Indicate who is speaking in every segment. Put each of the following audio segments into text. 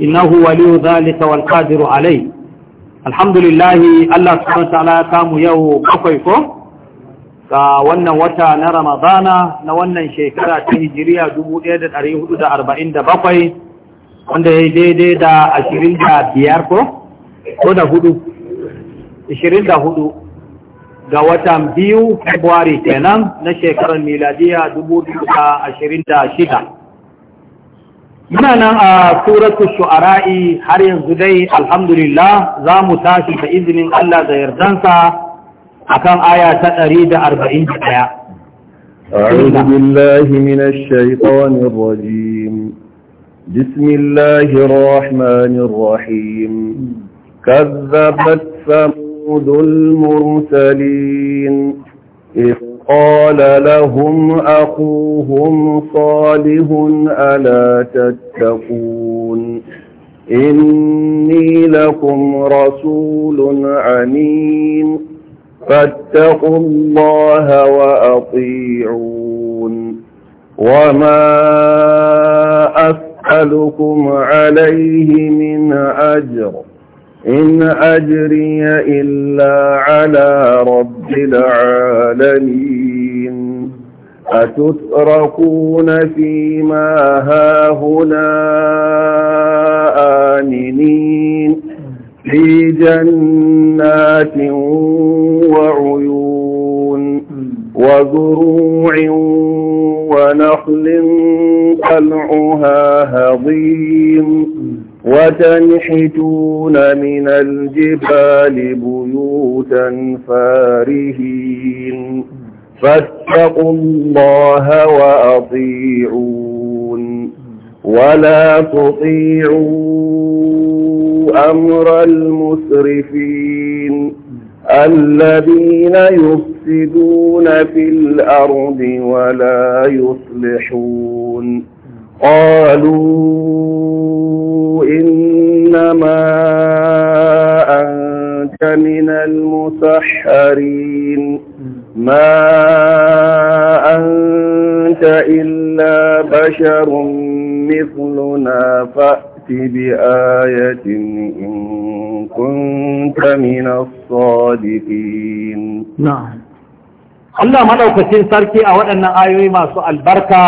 Speaker 1: إنه ولي ذلك والقادر عليه الحمد لله الله سبحانه وتعالى كام يو na كوانا وتا رمضان نوانا شيكرا تهجريا دبو إيدة أريه دا أربعين دا wanda ya daidai da ashirin da biyar ko? da ashirin da ga watan biyu februari kenan na shekarar miladiya dubu muna nan a suratu shu'ara'i har yanzu dai alhamdulillah za mu tashi da izinin Allah da yardansa akan aya ta 141
Speaker 2: أعوذ بالله من الشيطان الرجيم بسم الله الرحمن الرحيم كذبت ثمود المرسلين إذ قال لهم أخوهم صالح ألا تتقون إني لكم رسول أمين فاتقوا الله وأطيعون وما أسألكم عليه من أجر إن أجري إلا على رب العالمين أتتركون فيما هاهنا آمنين في جنات وعيون وزروع ونخل طلعها هضيم وتنحتون من الجبال بيوتا فارهين فاتقوا الله وأطيعون ولا تطيعوا أمر المسرفين الذين يفسدون في الأرض ولا يصلحون قالوا إنما أنت من المسحرين ما أنت إلا بشر مثلنا فأت بآية إن كنت من الصادقين نعم Allah maɗaukacin sarki
Speaker 1: أن آيوي ما سؤال بركة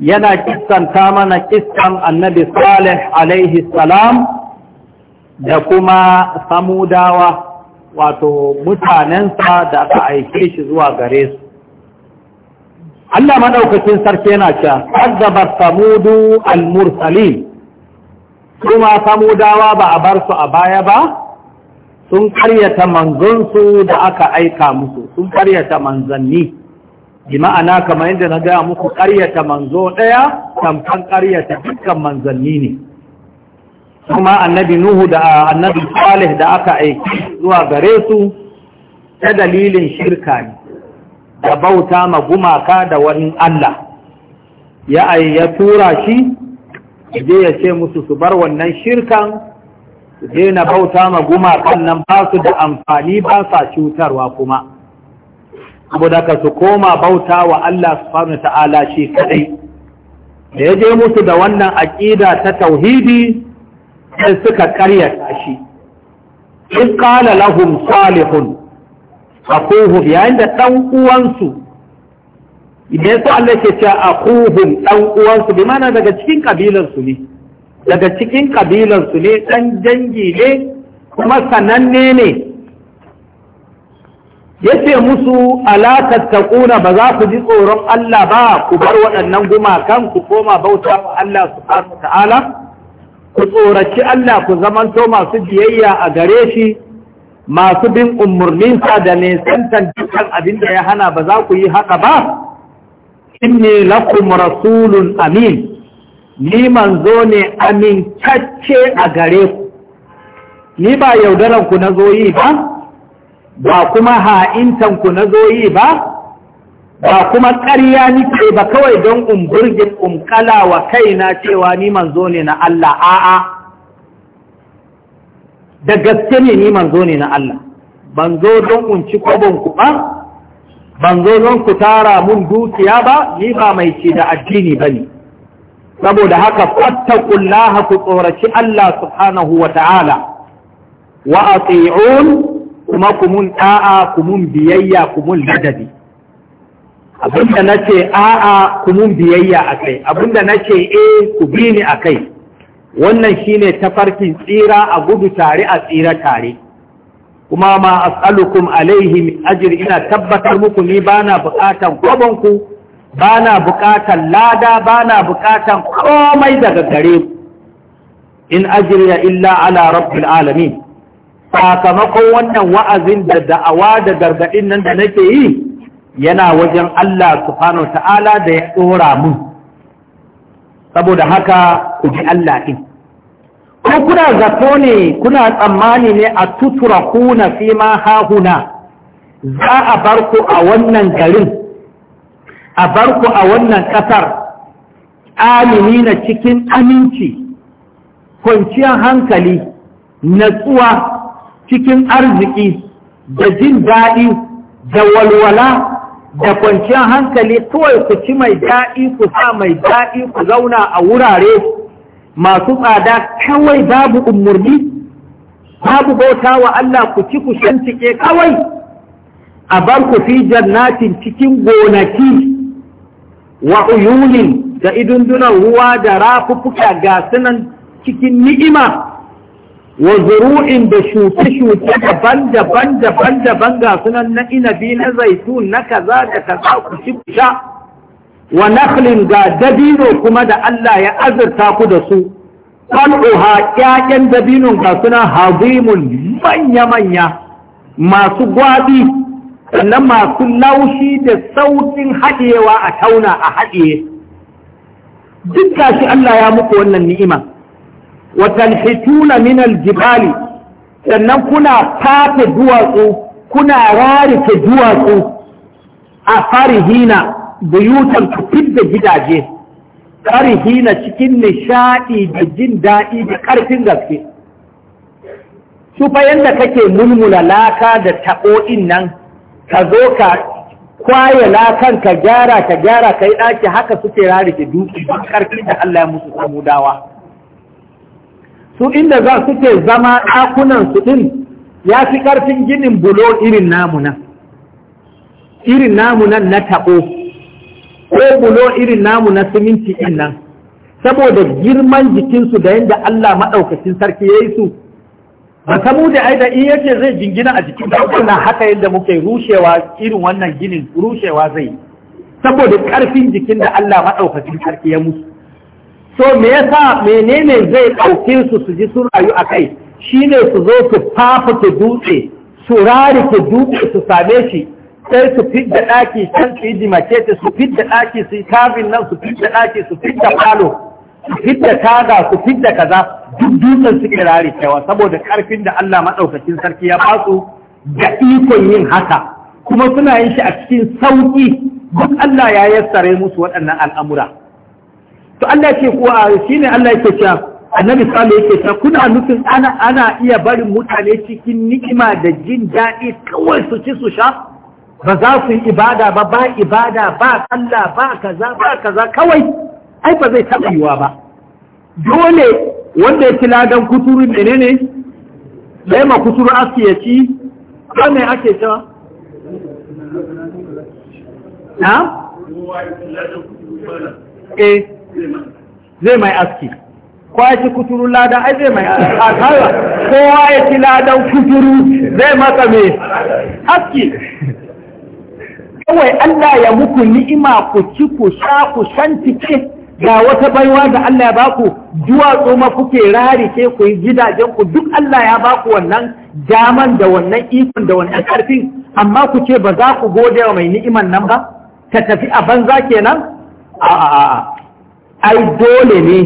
Speaker 1: yana kissanta mana kistan annabi salih alaihi salam da kuma samudawa wato mutanensa da aka aike shi zuwa gare su Allah maɗaukacin sarki yana cewa azzabar samudu al su kuma samudawa ba a bar su a baya ba sun karyata manzonsu da aka aika musu sun karyata manzanni bi ma'ana kamar yadda na gaya muku ƙaryata manzo ɗaya tamkan ƙaryata dukkan manzanni ne kuma annabi nuhu da annabi salih da aka aiki zuwa gare su ta dalilin shirka ne da bauta ma gumaka da wani Allah ya ya tura shi je ya ce musu su bar wannan shirkan je na bauta ma gumakan nan ba su da amfani ba sa cutarwa kuma saboda ka su koma bauta wa Allah subhanahu ta'ala shi kadai da ya je musu da wannan aƙida ta tauhidi sai suka karya shi in qala lahum salihun akuhum yayin da ɗan uwansu idan su Allah ke cewa akuhum ɗan uwansu bi mana daga cikin kabilansu ne daga cikin kabilansu ne ɗan dangi ne kuma sananne ne yace musu ala tattaquna ba za ku ji tsoron Allah ba ku bar waɗannan gumakan ku koma bauta wa Allah subhanahu ta'ala ku tsoraci Allah ku zamanto masu biyayya a gare shi masu bin umarninsa da nesantan dukkan abin da ya hana ba za ku yi haka ba inni lakum rasulun amin ni manzo ne amincacce a gare ku ni ba yaudaran ku na zo yi ba ba kuma ha'intanku na zoyi ba ba kuma ƙarya nike ba kawai don umburgin umkala wa kaina cewa ni manzo ne na Allah a'a da gaske ne ni manzo ne na Allah ban zo don unci kwabon ku ba ban zo don ku tara mun dukiya ba ni ba mai ce da addini ba ne saboda haka fatta ƙullaha ku tsoraci Allah subhanahu wa ta'ala wa ati'un kuma ku mun kumun ku biyayya ku mun ladabi abinda nace a'a ku mun biyayya akai abinda nace e eh, ku bi ni akai wannan shine tafarkin tsira a gudu tare a tsira tare kuma ma as'alukum alaihi min ajr ina tabbatar muku ni bana bukatan ku, bana bukatan lada bana bukatan komai daga gare ku in ajriya illa ala rabbil alamin sakamakon wannan wa'azin da da'awa da gargaɗin nan da nake yi yana wajen Allah subhanahu ta'ala da ya ɗora mun saboda haka ku ji Allah ɗin ko kuna zato ne kuna tsammani ne a tutura kuna fi ma hahuna za a bar ku a wannan garin a bar ku a wannan ƙasar amini na cikin aminci kwanciyar hankali natsuwa cikin arziki da jin daɗi da walwala da kwanciyar hankali kawai ku ci mai daɗi ku sa mai daɗi ku zauna a wurare masu tsada kawai babu umarni babu bauta wa Allah ku ci ku shantike kawai a bar ku fi jannatin cikin gonaki wa uyunin da idundunan ruwa da rafuffuka ga sunan cikin ni'ima wa zuru'in da shuke-shuke daban-daban daban-daban ga sunan na inabi na zaitun na kaza da kaza ku ci sha wa nakhlin ga dabino kuma da Allah ya azurta ku da su
Speaker 2: qal'uha
Speaker 1: ƴaƴan dabinon ga sunan hazimun manya-manya masu gwabi sannan masu laushi da sautin haɗewa a tauna a haɗiye duk gashi Allah ya muku wannan ni'ima wa tanhituna min aljibali sannan kuna fafe duwatsu kuna rarike duwatsu a farihina buyutan ku fidda gidaje farihina cikin nishaɗi da jin daɗi da ƙarfin gaske su fa kake mulmula laka da taɓo'in nan ka zo ka kwaye lakan ka gyara ka gyara ka yi ɗaki haka suke rarike dutse don ƙarfi da Allah ya musu samu dawa su inda za suke zama ɗakunan su ɗin ya fi ƙarfin ginin bulo irin namunan irin namunan na taɓo ko bulo irin namu na siminti ɗin nan saboda girman jikinsu da yadda Allah maɗaukacin sarki ya yi su ba samu da aida in yake zai jingina a jikin na haka yadda muke rushewa irin wannan ginin rushewa zai saboda ƙarfin jikin da Allah maɗaukacin sarki ya musu so me yasa menene zai ɗauke su su ji sun rayu a kai Shi ne su zo su fafuta dutse su rari rarike dutse su same shi sai su fidda ɗaki can su yi ta, su fidda ɗaki su yi kafin nan su fidda ɗaki su fidda falo su fidda taga su fidda kaza duk dutsen suke cewa saboda karfin da Allah maɗaukacin sarki ya basu da ikon yin haka kuma suna yin shi a cikin sauƙi duk Allah ya yassare musu waɗannan al'amura to Allah ce kuwa shine Allah yake cewa annabi sallallahu yake sha kuna nufin ana ana iya barin mutane cikin ni'ima da jin daɗi kawai su ci su sha ba za su yi ibada ba ba ibada ba kalla ba kaza ba kaza kawai ai ba zai taɓa yiwa ba dole wanda ya ci ladan kuturu menene ne ma kuturu aski ya ci ba me ake cewa
Speaker 2: na eh
Speaker 1: zai mai aski ko ya ci kuturu lada ai zai mai aski kowa ya ci ladan kuturu zai matsa mai aski kawai Allah ya muku ni'ima ku ci ku sha ku shan cike ga wata baiwa da Allah ya baku duwatsu ma kuke rarike ku yi gidajen ku duk Allah ya baku wannan daman da wannan ikon da wannan karfin amma ku ce ba za ku gode wa mai ni'iman nan ba Ka tafi a banza kenan a'a ai dole ne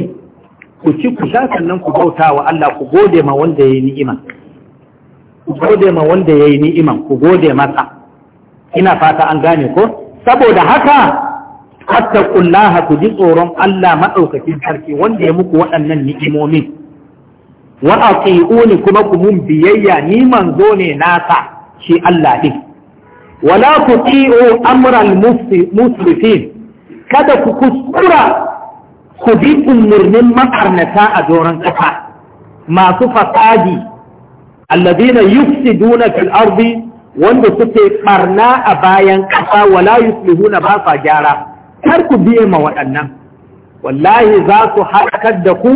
Speaker 1: ku ci ku sha sannan ku bauta wa Allah ku gode ma wanda ya yi ni'iman ku gode ma wanda ya yi ku gode masa ina fata an gane ko saboda haka hatta kullaha ku ji tsoron Allah maɗaukakin sarki wanda ya muku waɗannan ni'imomin wa aqiuni kuma ku mun biyayya ni manzo ne nasa shi Allah din wala ku ti'u amral musrifin kada ku kuskura ku bi umarnin makarnata a doron ƙasa masu fasadi na yufsiduna fil ardi wanda suke ɓarna a bayan ƙasa wala yuslihuna ba sa gyara kar ku biye ma waɗannan wallahi za su haɗakar da ku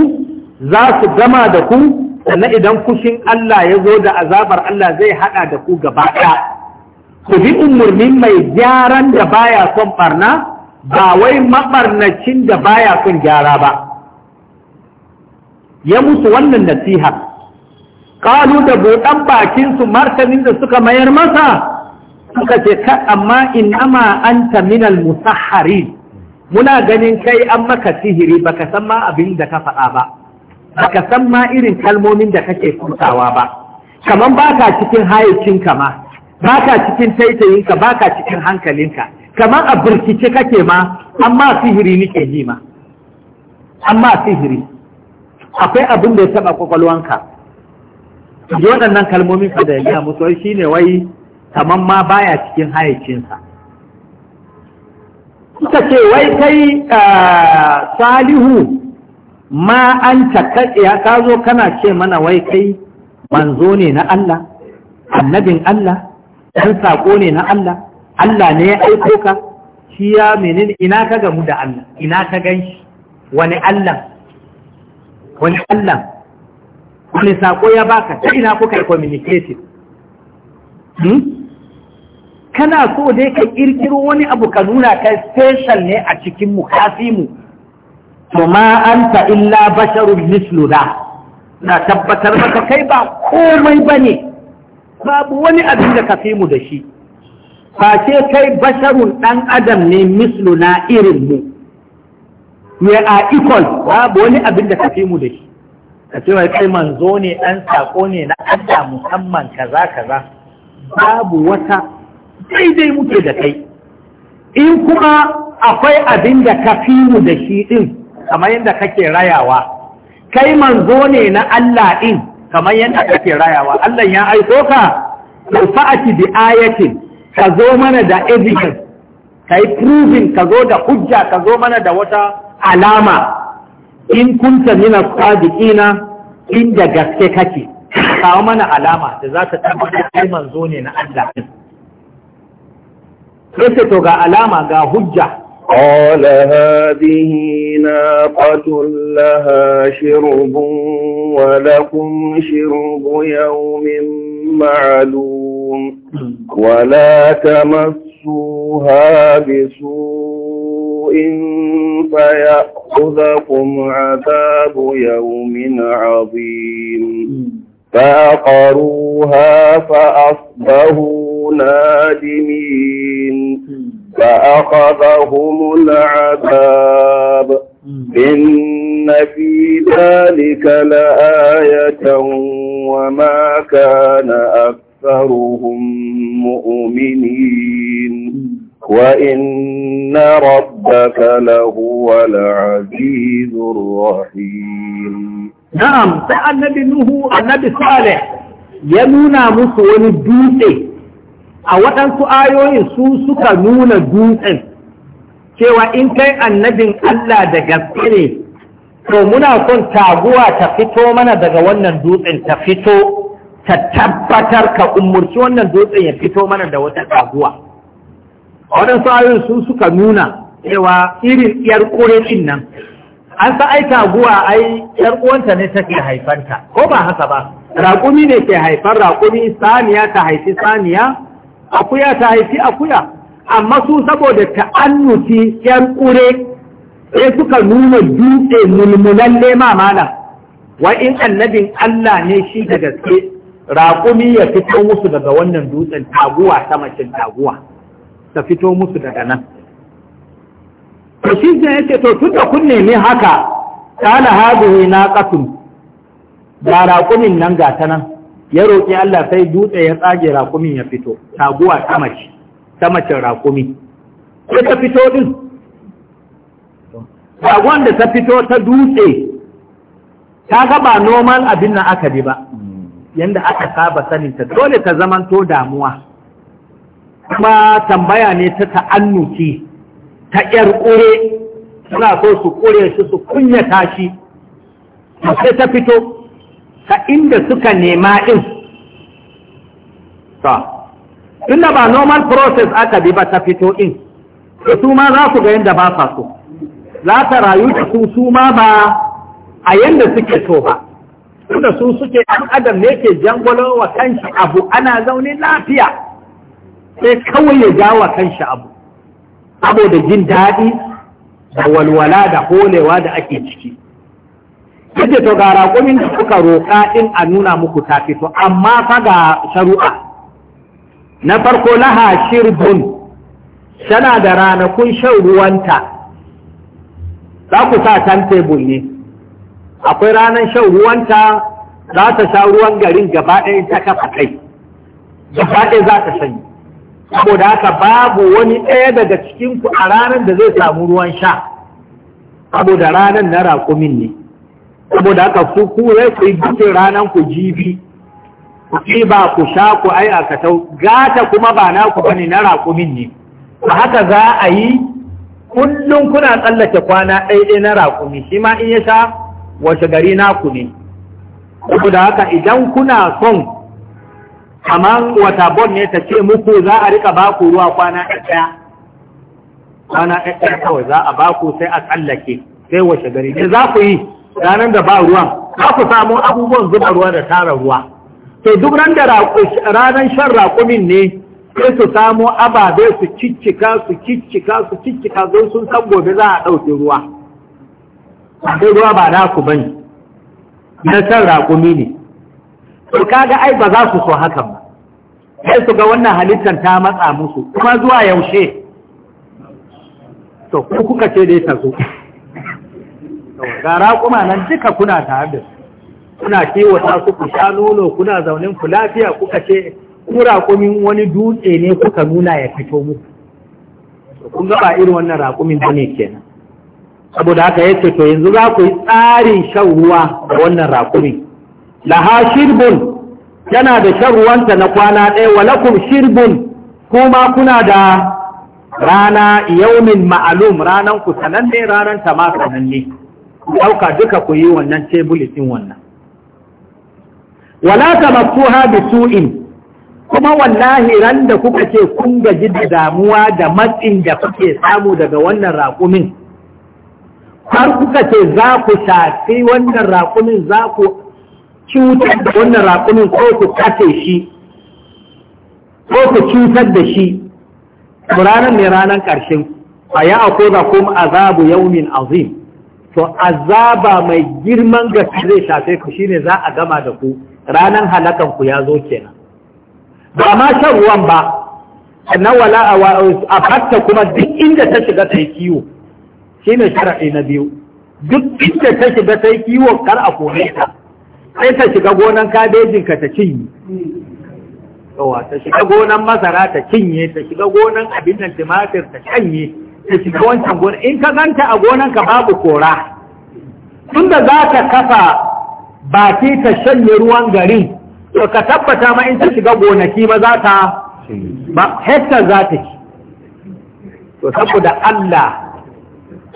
Speaker 1: za su gama da ku sannan idan fushin Allah ya zo da azabar Allah zai haɗa da ku gaba ɗaya ku bi umarnin mai gyaran da baya son ɓarna. ba wai maɓarnacin da baya son gyara ba ya musu wannan nasiha ƙalu da buɗan su martanin da suka mayar masa suka ce ka amma inama anta minal musahari muna ganin kai an maka sihiri baka san ma abin da ka faɗa ba baka san ma irin kalmomin da kake furtawa ba kaman baka cikin hayacinka ma baka cikin taitayinka baka cikin hankalinka kamar a birkice kake ma amma sihiri nike ji ma amma sihiri akwai abin da ya taba kwakwalwanka yi waɗannan kalmomin ka da ya biya musu shi ne wai kamar ma baya cikin hayacinsa suka ce wai kai eh, salihu ma an takaɗiya ka zo kana ce mana wai kai manzo ne na Allah annabin Allah ɗan saƙo ne na Allah Allah ne ya aiko ka shi ya menene ina ka gamu da Allah ina ka ganshi wani Allah wani Allah wani sako ya baka ta ina kuka yi hmm? kana so dai ka kirkiro wani abu ka nuna kai special ne a cikin mu kasimu to ma anta illa basharun misluna na tabbatar maka kai ba komai bane babu wani abin da ka fi mu da shi face kai basharun ɗan adam ne mislu na irin mu we are equal babu wani abin da ka fi mu da shi ka ce wai kai manzo ne ɗan sako ne na Allah musamman kaza kaza babu wata daidai muke da kai in kuma akwai abin da ka fi mu da shi ɗin kamar yadda kake rayawa kai manzo ne na Allah ɗin kamar yadda kake rayawa Allah ya aiko ka fa'ati bi ayatin ka zo mana da evidence ka yi proving ka zo da hujja ka zo mana da wata alama in kunta na, sadiqina inda gaske kake kawo mana alama da za ta tabbatar kai manzo ne na Allah sai to ga alama ga hujja قال
Speaker 2: هذه ناقة لها شرب ولكم شرب يوم معلوم ولا تمسوها بسوء فيأخذكم عذاب يوم عظيم فأقروها فأصبحوا نادمين فأخذهم العذاب إن في ذلك لآية وما كان أكثرهم مؤمنين وإن ربك لهو العزيز الرحيم
Speaker 1: نعم سأل النبي نوح النبي صالح ينونا مسوى الدوسي a waɗansu ayoyin su suka nuna dutsen cewa in kai annabin Allah da gaske ne to muna son taguwa ta fito mana daga wannan dutsen ta fito ta tabbatar ka umurci wannan dutsen ya fito mana da wata taguwa a waɗansu ayoyin su suka nuna cewa irin yar ƙurin nan an sa ai taguwa ai ƴar uwanta ne take haifanta ko ba haka ba raƙumi ne ke haifar raƙumi saniya ta haifi saniya akuya ta haifi akuya amma su saboda ta'annuci yan ƙure sai suka nuna dutse mulmulan lema mana wa in annabin Allah ne shi da gaske raƙumi ya fito musu daga wannan dutsen taguwa ta macin taguwa ta fito musu daga nan to shi zai yake to tun da kun nemi haka kana hadu na katun ga raƙumin nan ga ta nan ya roƙi Allah sai dutse ya tsage rakumin ya fito taguwa ta mace ta mace rakumi sai ta fito din taguwan da ta fito ta dutse ta ga ba normal abin nan aka ba yanda aka saba sanin ta dole ta zaman to damuwa kuma tambaya ne ta ta'annuki ta ƴar ƙure suna so su ƙure shi su kunyata shi sai ta fito ta inda suka nema ɗin ta inda ba normal process aka bi ba ta fito ɗin da su ma za su ga yadda ba sa so za ta rayu da su su ma ba a yadda suke so ba tunda su suke ɗan adam ne ke jangolo wa kanshi abu ana zaune lafiya sai kawai ya ja wa kanshi abu saboda jin daɗi da walwala da holewa da ake ciki kace to ga raƙumin da kuka roƙa in a nuna muku ta fito amma fa ga sharu'a na farko laha shirbun tana da ranakun shan ruwanta za ku sa tan tebul ne akwai ranar shan ruwanta za ta sha ruwan garin gaba ɗaya ta kafa kai gaba ɗaya za ta shanyi saboda haka babu wani ɗaya daga cikinku a ranar da zai samu ruwan sha saboda ranar na raƙumin ne saboda haka su ku ya ku yi bikin ranar ku jibi ku ba ku sha ku ai a katau gata kuma ba na ku bane na raƙumin ne ba haka za a yi kullum kuna tsallake kwana ɗaya-ɗaya na rakumi shi ma in ya sha wace gari naku ne saboda haka idan kuna son kamar wata bon ne ta ce muku za a rika baku ruwa kwana ɗaya kwana ɗaya kawai za a baku sai a tsallake sai wace gari ne za ku yi ranar da ba ruwan za ku samu abubuwan zuba ruwa da tara ruwa to duk ran da ranar shan raƙumin ne sai su samu ababe su ciccika su ciccika su ciccika don sun san gobe za a ɗauke ruwa akwai ruwa ba na ku bane na shan raƙumi ne to kaga ai ba za su so hakan ba
Speaker 2: sai su ga wannan halittar
Speaker 1: ta matsa musu kuma zuwa yaushe to kuka ce dai ta zo ga raƙuma nan duka kuna tare da su kuna kiwata su ku sha nono kuna zaunin ku lafiya kuka ce ku raƙumin wani dutse ne kuka nuna ya fito muku kun gaba irin wannan raƙumin ba ne kenan saboda haka yace to yanzu za ku yi tsarin shan ruwa da wannan raƙumin laha shirbun yana da shan ruwanta na kwana ɗaya walakum shirbun kuma kuna da rana yaumin ma'alum ranan ku sananne ranan ta ma sananne ku duka ku yi wannan tebul din wannan
Speaker 2: wala tamassuha
Speaker 1: bisu'in kuma wallahi ran da kuka ce kun gaji da damuwa da matsin da kuke samu daga wannan raƙumin har kuka ce za ku shafi wannan raƙumin za ku cutar da wannan raƙumin ko ku kace shi ko ku cutar da shi ranar mai ranar ƙarshen a ya akwai ba kuma azabu yaumin azim to azaba mai girman gaske zai shafe ku shine za a gama da ku ranan halakan ku ya zo kenan ba ma shan ruwan ba na wala a fatta kuma duk inda ta shiga ta yi kiwo shine shar'i na biyu duk inda ta shiga ta yi kiwo kar a kore ta sai ta shiga gonan kabejin ka ta cinye ta shiga gonan masara ta cinye ta shiga gonan abin nan timatir ta canye gona in ka zanta a gonanka babu kora tunda za ka kafa baki ta shanye ruwan gari to ka tabbata ma in ta shiga gonaki ba za ta ba hektar za ta ci to saboda Allah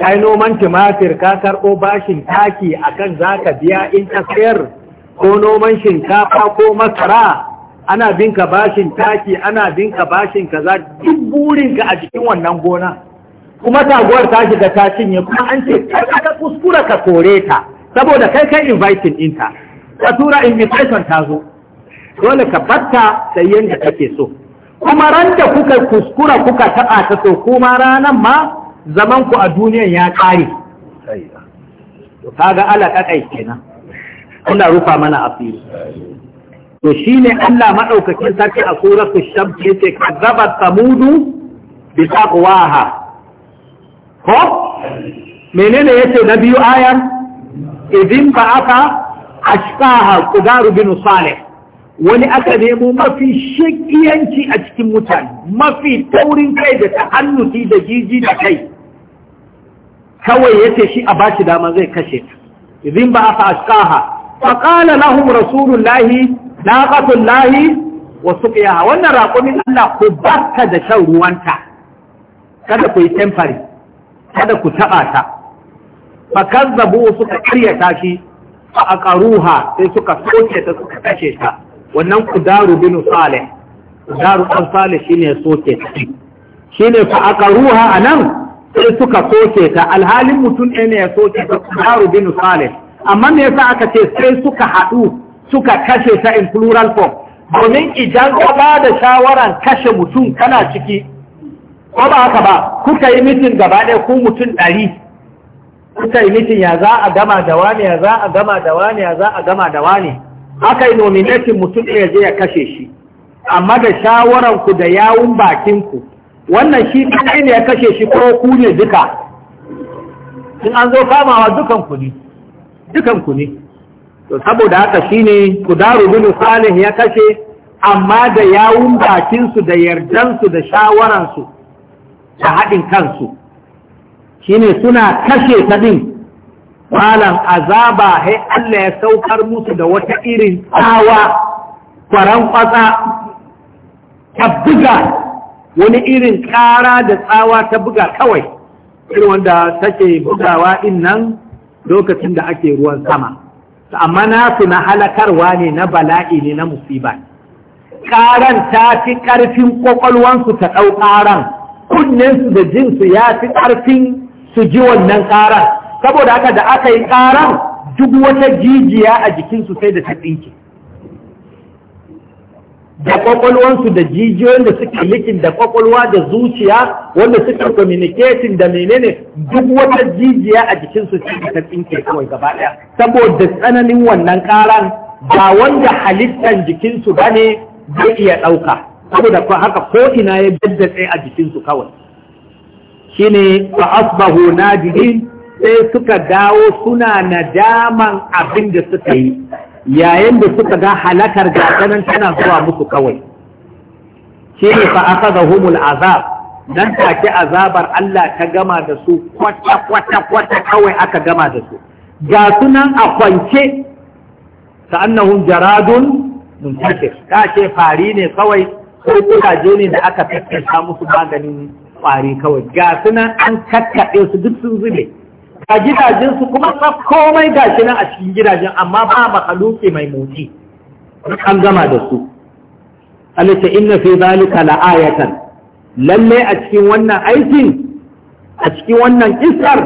Speaker 1: yi noman tumatir ka karɓo bashin taki a kan za ka biya in ta sayar ko noman shinkafa ko masara ana binka bashin taki ana binka bashin kaza duk burinka a jikin wannan gona kuma taguwar ta shiga ta cinye kuma an ce kai ka kuskura ka kore ta saboda kai kai inviting ɗinta ka tura invitation ta zo dole ka batta sai yanda kake so kuma ran da kuka kuskura kuka taɓa ta so kuma ranan ma zaman ku a duniyan ya ƙare kaga ala kakai kenan kuna rufa mana asiri to shine Allah madaukakin sarki a suratul shams yace kadzabat samudu bi taqwaha ko menene yace na biyu ayar idin ba aka ashqaha kudaru bin salih wani aka nemo mafi shakiyanci a cikin mutane mafi taurin kai da ta'annuti da jiji da kai kawai yace shi a bashi dama zai kashe ta idin ba aka ashqaha فقال لهم رسول الله wa الله wannan raƙumin Allah ku barka da shan ruwanta kada ku yi temporary kada ku taɓa ta fa kazzabu suka ta shi fa aqaruha sai suka soke ta suka kashe ta wannan kudaru bin salih kudaru bin salih shine soke ta shine fa aqaruha anan sai suka soke ta alhalin mutum ɗaya ne ya soke ta kudaru bin salih amma me yasa aka ce sai suka haɗu suka kashe ta in plural form domin idan ka ba da shawaran kashe mutum kana ciki ko ba haka ba kuka yi mitin gaba ɗaya ku mutum ɗari kuka yi mitin ya za a gama da wani ya za a gama da wani ya za a gama da wani aka yi nominatin mutum ɗaya je ya kashe shi amma da shawararku da yawun bakin ku. wannan shi ɗaya ne ya kashe shi ko ku ne duka in an zo kamawa dukan ku ne dukan ku ne to saboda haka shine daru bin salih ya kashe amma da yawun bakinsu da yardansu da shawararsu da haɗin kansu shine suna kashe ta ɗin ƙwalan azaba hai Allah ya saukar musu da wata irin tsawa ƙwaran kwatsa ta buga wani irin ƙara da tsawa ta buga kawai irin wanda take bugawa ɗin nan lokacin da ake ruwan sama amma nasu na halakarwa ne na bala'i ne na musiba Ƙaran ta fi ƙarfin ƙwaƙwalwansu ta ɗau ƙaran kunnen su da jinsu ya fi ƙarfin su ji wannan ƙaran saboda haka da aka yi ƙaran duk wata jijiya a jikinsu sai da ta tsinke da ƙwaƙwalwansu da jijiyoyin da suke likin da ƙwaƙwalwa da zuciya wanda suke communicating da menene duk wata jijiya a jikinsu sai da ta tsinke kawai gaba ɗaya saboda tsananin wannan ƙaran, ba wanda halittan jikinsu ba ne zai iya ɗauka saboda ko haka ko ina ya tsaye a jikinsu kawai shine fa asbahu nadirin sai suka dawo suna nadaman abin da suka yi yayin da suka ga halakar gatanan tana zuwa musu kawai shine fa humul azab nan take azabar Allah ta gama da su kwata kwata kwata kawai aka gama da su ga sunan a kwance ta annahum jaradun ta ce fari ne kawai ko ne da aka tattata musu maganin kwari kawai ga nan an kakkaɗe su duk sun zube a gidajen su kuma tsaf komai ga shi nan a cikin gidajen amma ba makaluke mai motsi an gama da su Allah inna fi zalika la'ayatan lalle a cikin wannan aikin a cikin wannan kisar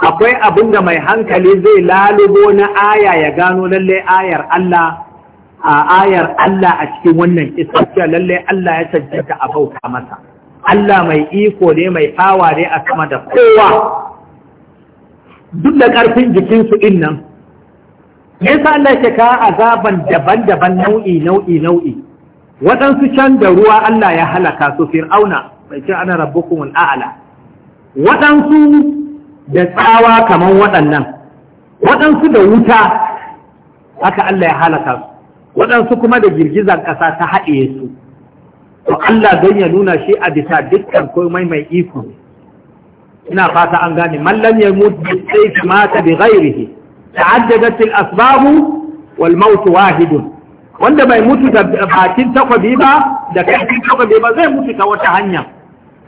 Speaker 1: akwai abin da mai hankali zai lalubo na aya ya gano lalle ayar Allah a ayar Allah a cikin wannan kisa cewa lallai Allah ya cancanta a bauta masa Allah mai iko ne mai fawa ne a sama da kowa duk da ƙarfin jikinsu ɗin nan me yasa Allah ya ka azaban daban-daban nau'i nau'i nau'i waɗansu can da ruwa Allah ya halaka su fir'auna mai ce ana rabbukum al'ala
Speaker 2: waɗansu
Speaker 1: da tsawa kamar waɗannan waɗansu da wuta haka Allah ya halaka su waɗansu kuma da girgizar ƙasa ta haɗe su to Allah don ya nuna shi a bisa dukkan komai mai iko ina fata an gane mallam ya mutu bi sayfi mata bi ghairihi ta'addadat al asbab wal maut wahid wanda bai mutu da bakin takwabi ba da kafin takobi ba zai mutu ta wata hanya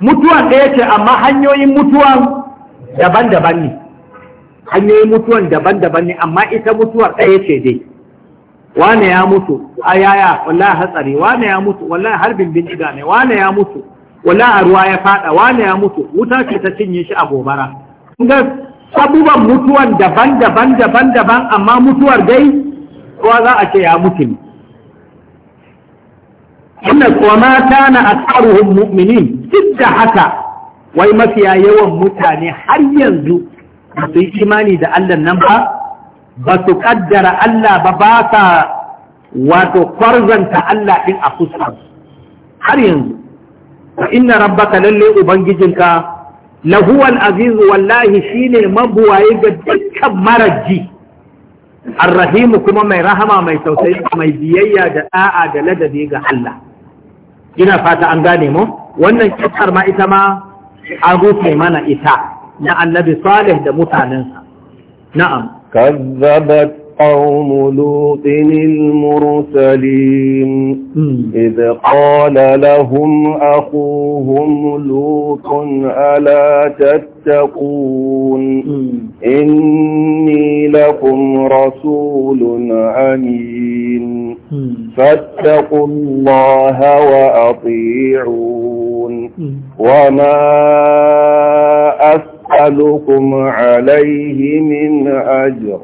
Speaker 1: mutuwan ɗaya ce amma hanyoyin mutuwan daban-daban ne hanyoyin mutuwan daban-daban ne amma ita mutuwar ɗaya ce dai wane ya mutu a yaya wallahi hatsari wane ya mutu wallahi harbin bindiga ne wane ya mutu wallahi a ruwa ya fada wane ya mutu wuta ce ta cinye shi a gobara ga mutuwar mutuwan daban-daban daban-daban amma mutuwar dai kowa za a ce ya mutu ne inna ma kana aktsaruhum mu'minin duk da haka wai mafiya yawan mutane har yanzu masu yi imani da Allah nan ba ba su kaddara Allah ba ba wato kwarzanta Allah ɗin a fuskar har yanzu wa inna rabbaka lalle ubangijinka lahuwal azizu wallahi shine mabuwaye ga dukkan maraji arrahimu kuma mai rahama mai tausayi mai biyayya da ɗa'a, da ladabi ga Allah ina fata an gane mu wannan kisar ma ita ma an rufe mana ita na annabi salih da mutanensa
Speaker 2: na'am كذبت قوم لوط المرسلين إذ قال لهم أخوهم لوط ألا تتقون إني لكم رسول أمين فاتقوا الله وأطيعون وما أسلم أسألكم عليه من أجر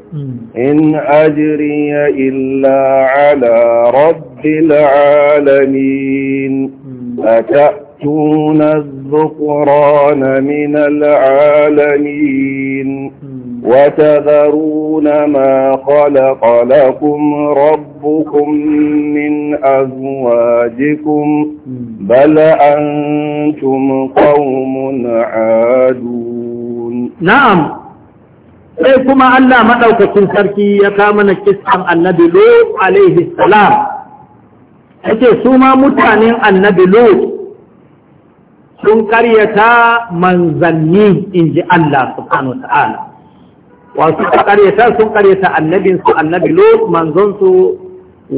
Speaker 2: إن أجري إلا على رب العالمين أتأتون الذكران من العالمين وتذرون ما خلق لكم ربكم من أزواجكم بل أنتم قوم عادون na'am sai kuma Allah maɗaukacin sarki ya kama na
Speaker 1: kisan annabi Lut alaihi salam yake su ma mutanen annabi Lut sun karyata manzanni in ji Allah su wa ta'ala wasu ta karyata sun karyata annabinsu annabi Lut manzonsu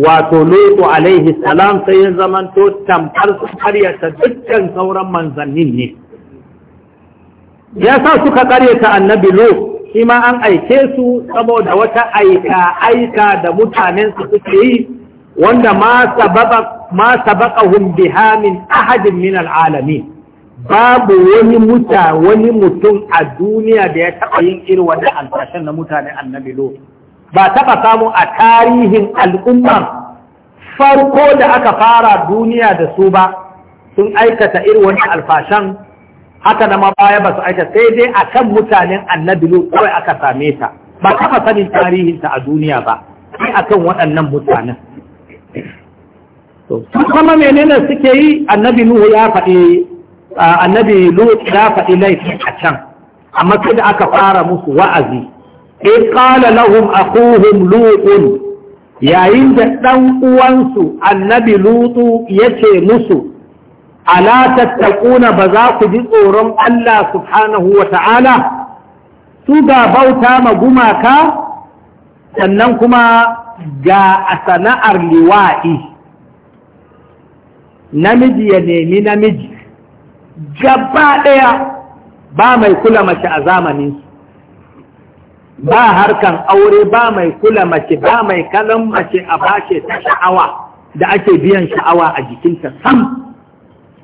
Speaker 1: wato Lut alaihi salam sai ya zamanto tamkar sun karyata dukkan sauran manzannin ne ya sa suka karyata annabi lo shi ma an aike su saboda wata aika aika da mutanen su suke yi wanda ma sabaka biha min ahadin min alamin.
Speaker 2: babu wani
Speaker 1: muta wani mutum a duniya da ya taɓa yin irin wannan alfashen na mutane annabi lo ba taɓa samu a tarihin al'ummar farko da aka fara duniya da su ba sun aikata irin wannan alfashan haka na baya ba su aika sai dai akan mutanen annabi lu kawai aka same ta ba kafa sanin tarihinta a duniya ba sai akan waɗannan mutanen to kuma menene suke yi annabi lu ya faɗi annabi lu ya faɗi laifi a can amma sai da aka fara musu wa'azi in qala lahum akhuhum lutun yayin da ɗan uwansu annabi lutu yace musu ala tattakuna ba za ku ji tsoron Allah subhanahu wa ta'ala su ga bauta ma gumaka sannan kuma ga a sana'ar liwa'i namiji ya nemi namiji gaba ɗaya ba mai kula mace a zamanin ba harkan aure ba mai kula mace ba mai kalan mace a bashe ta sha'awa da ake biyan sha'awa a jikinta sam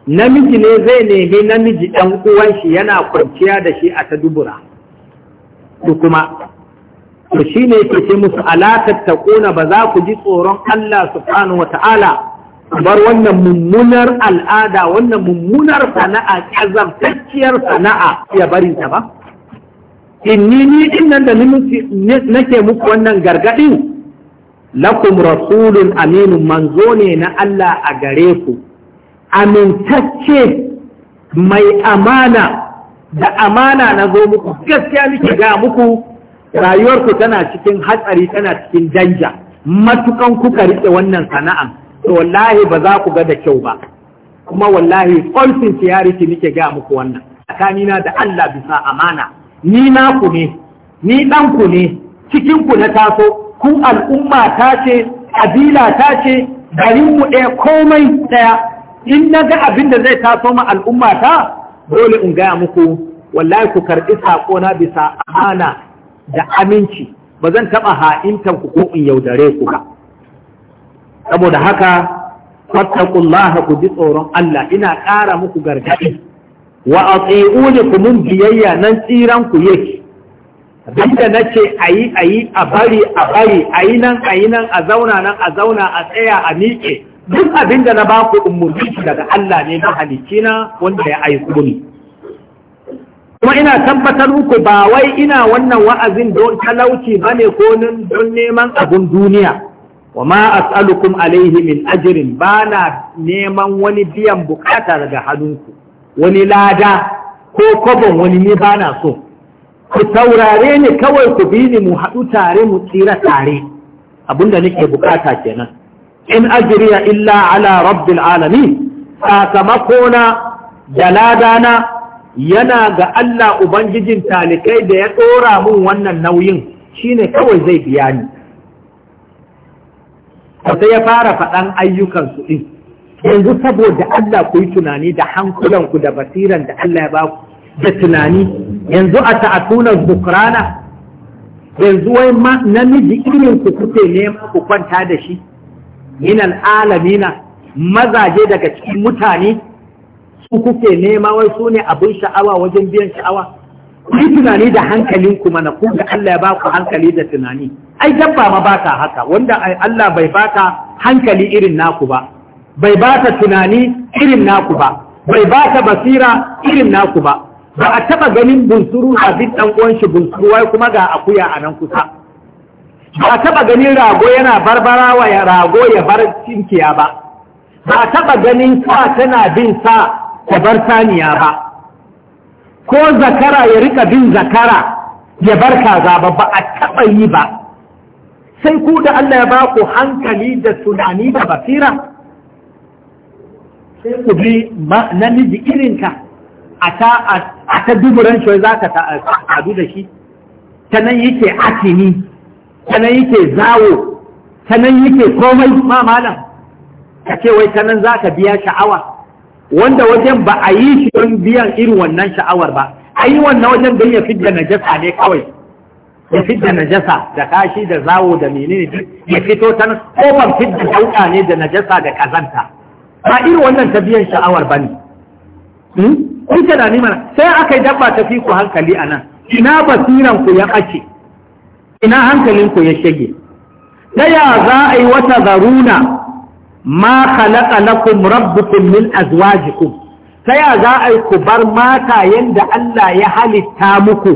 Speaker 1: namiji ne zai nemi namiji ɗan uwan shi yana kwanciya da shi a ta dubura su kuma to shi ne ke ce musu alatar ta ba za ku ji tsoron Allah subhanahu wa ta'ala bar wannan mummunar al'ada wannan mummunar sana'a ƙazamtacciyar sana'a ya bari ta ba inni ni din nan da nake muku wannan gargadin. lakum rasulun aminun manzo ne na Allah a gare ku amintacce mai amana da amana na zo muku gaskiya nake ga muku rayuwarku tana cikin hatsari tana cikin danja matukan kuka rike wannan sana'a to wallahi ba za ku ga da kyau ba kuma wallahi all sincerity nake ga muku wannan tsakanina da Allah bisa amana ni naku ne ni ɗanku ne cikin ku na taso ku al'umma ta ce kabila ta ce garinmu ɗaya komai ɗaya in na ga abin da zai taso ma al'umma ta dole in gaya muku wallahi ku karɓi saƙona bisa amana da aminci ba zan taɓa ha'intan ku ko in yaudare ku ba saboda haka fattakullaha ku ji tsoron Allah ina ƙara muku gargaɗi wa ule ku mun biyayya nan tsiran ku yake abinda nace ayi ayi a bari a bari a yi nan a yi nan a zauna nan a zauna a tsaya a miƙe duk abin da na ba ku umurci daga Allah ne mahalicci na wanda ya aiko ni kuma ina tabbatar muku ba wai ina wannan wa'azin don talauci bane ko don neman abun duniya wa ma as'alukum alaihi min ajrin bana neman wani biyan bukata daga hannunku wani lada ko kobon wani ba bana so ku taurare ni kawai ku bi ni mu haɗu tare mu tsira tare abinda nake bukata kenan in ajriya illa ala rabbil alamin sakamakona da ladana yana ga Allah ubangijin talikai da ya dora mun wannan nauyin shine kawai zai biya ni sai ya fara faɗan ayyukansu ɗin yanzu saboda Allah ku yi tunani da hankulanku da basiran da Allah ya ba ku
Speaker 2: da tunani
Speaker 1: yanzu a ta'atunan bukrana yanzu wai namiji irin ku kuke nema ku kwanta da shi min alamina mazaje daga cikin mutane su kuke nema wai su ne abin sha'awa wajen biyan sha'awa ku tunani da hankalin mana ku ga Allah ya ba ku hankali da tunani ai dabba ma ba ta haka wanda Allah bai ba ta hankali irin naku ba bai ba ta tunani irin naku ba bai ba ta basira irin naku ba ba a taba ganin bunsuru a bin dan uwan shi bunsuru wai kuma ga akuya a nan kusa ba taɓa ganin rago yana barbara wa ya rago ya bar cinkiya ba ba taɓa ganin sa tana bin sa ta bar saniya ba ko zakara ya rika bin zakara ya bar kaza ba ba a taɓa yi ba sai ku da Allah ya ba ku hankali da tunani da basira sai ku bi namiji irinka a ta duburan shi za ka ta'adu da shi ta nan yake atini sanan yake zawo sanan yake komai ma malam ka ce wai sanan za ka biya sha'awa wanda wajen ba a yi shi don biyan irin wannan sha'awar ba a yi wannan wajen don ya fidda najasa ne kawai ya fidda najasa da kashi da zawo da menene ya fito ta nan kofar fidda dauka ne da najasa da kazanta ba irin wannan ta biyan sha'awar ba ne hmm? kun da ni mana sai aka yi dabba ta fi ku hankali a nan ina basiran ku ya ɓace ina hankalinku ya shige ta za a yi wata zaruna ma khalaqa lakum rabbukum min azwajikum ta za a yi ku bar mata yanda Allah ya halitta muku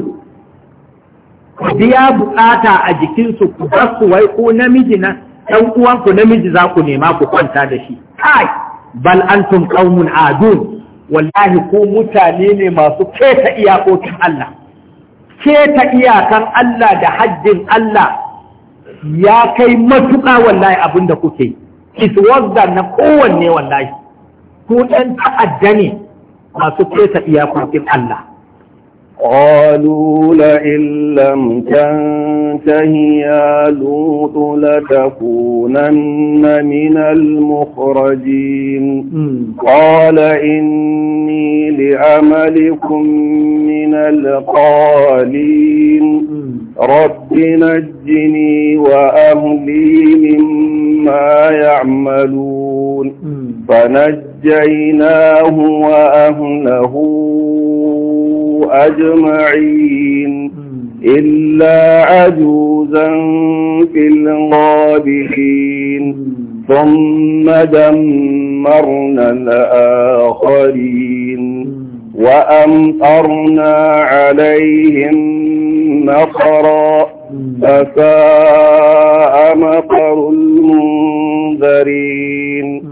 Speaker 1: ku biya bukata a jikinsu ku bar su wai ku namiji na ɗan uwanku namiji za ku nema ku kwanta da shi kai bal antum qaumun adun wallahi ku mutane ne masu keta iyakokin Allah Ke ta iyakan Allah da hajjin Allah ya kai matuƙa wallahi abin da kuke it was na kowanne wallahi ku ɗan ta'adda ne masu keta iyakokin Allah
Speaker 2: قالوا لئن لم تنته يا لوط لتكونن من المخرجين قال إني لعملكم من القالين رب نجني وأهلي مما يعملون فنجيناه وأهله أجمعين إلا عجوزا في الغابرين ثم دمرنا الآخرين وأمطرنا عليهم مطرا فساء مطر المنذرين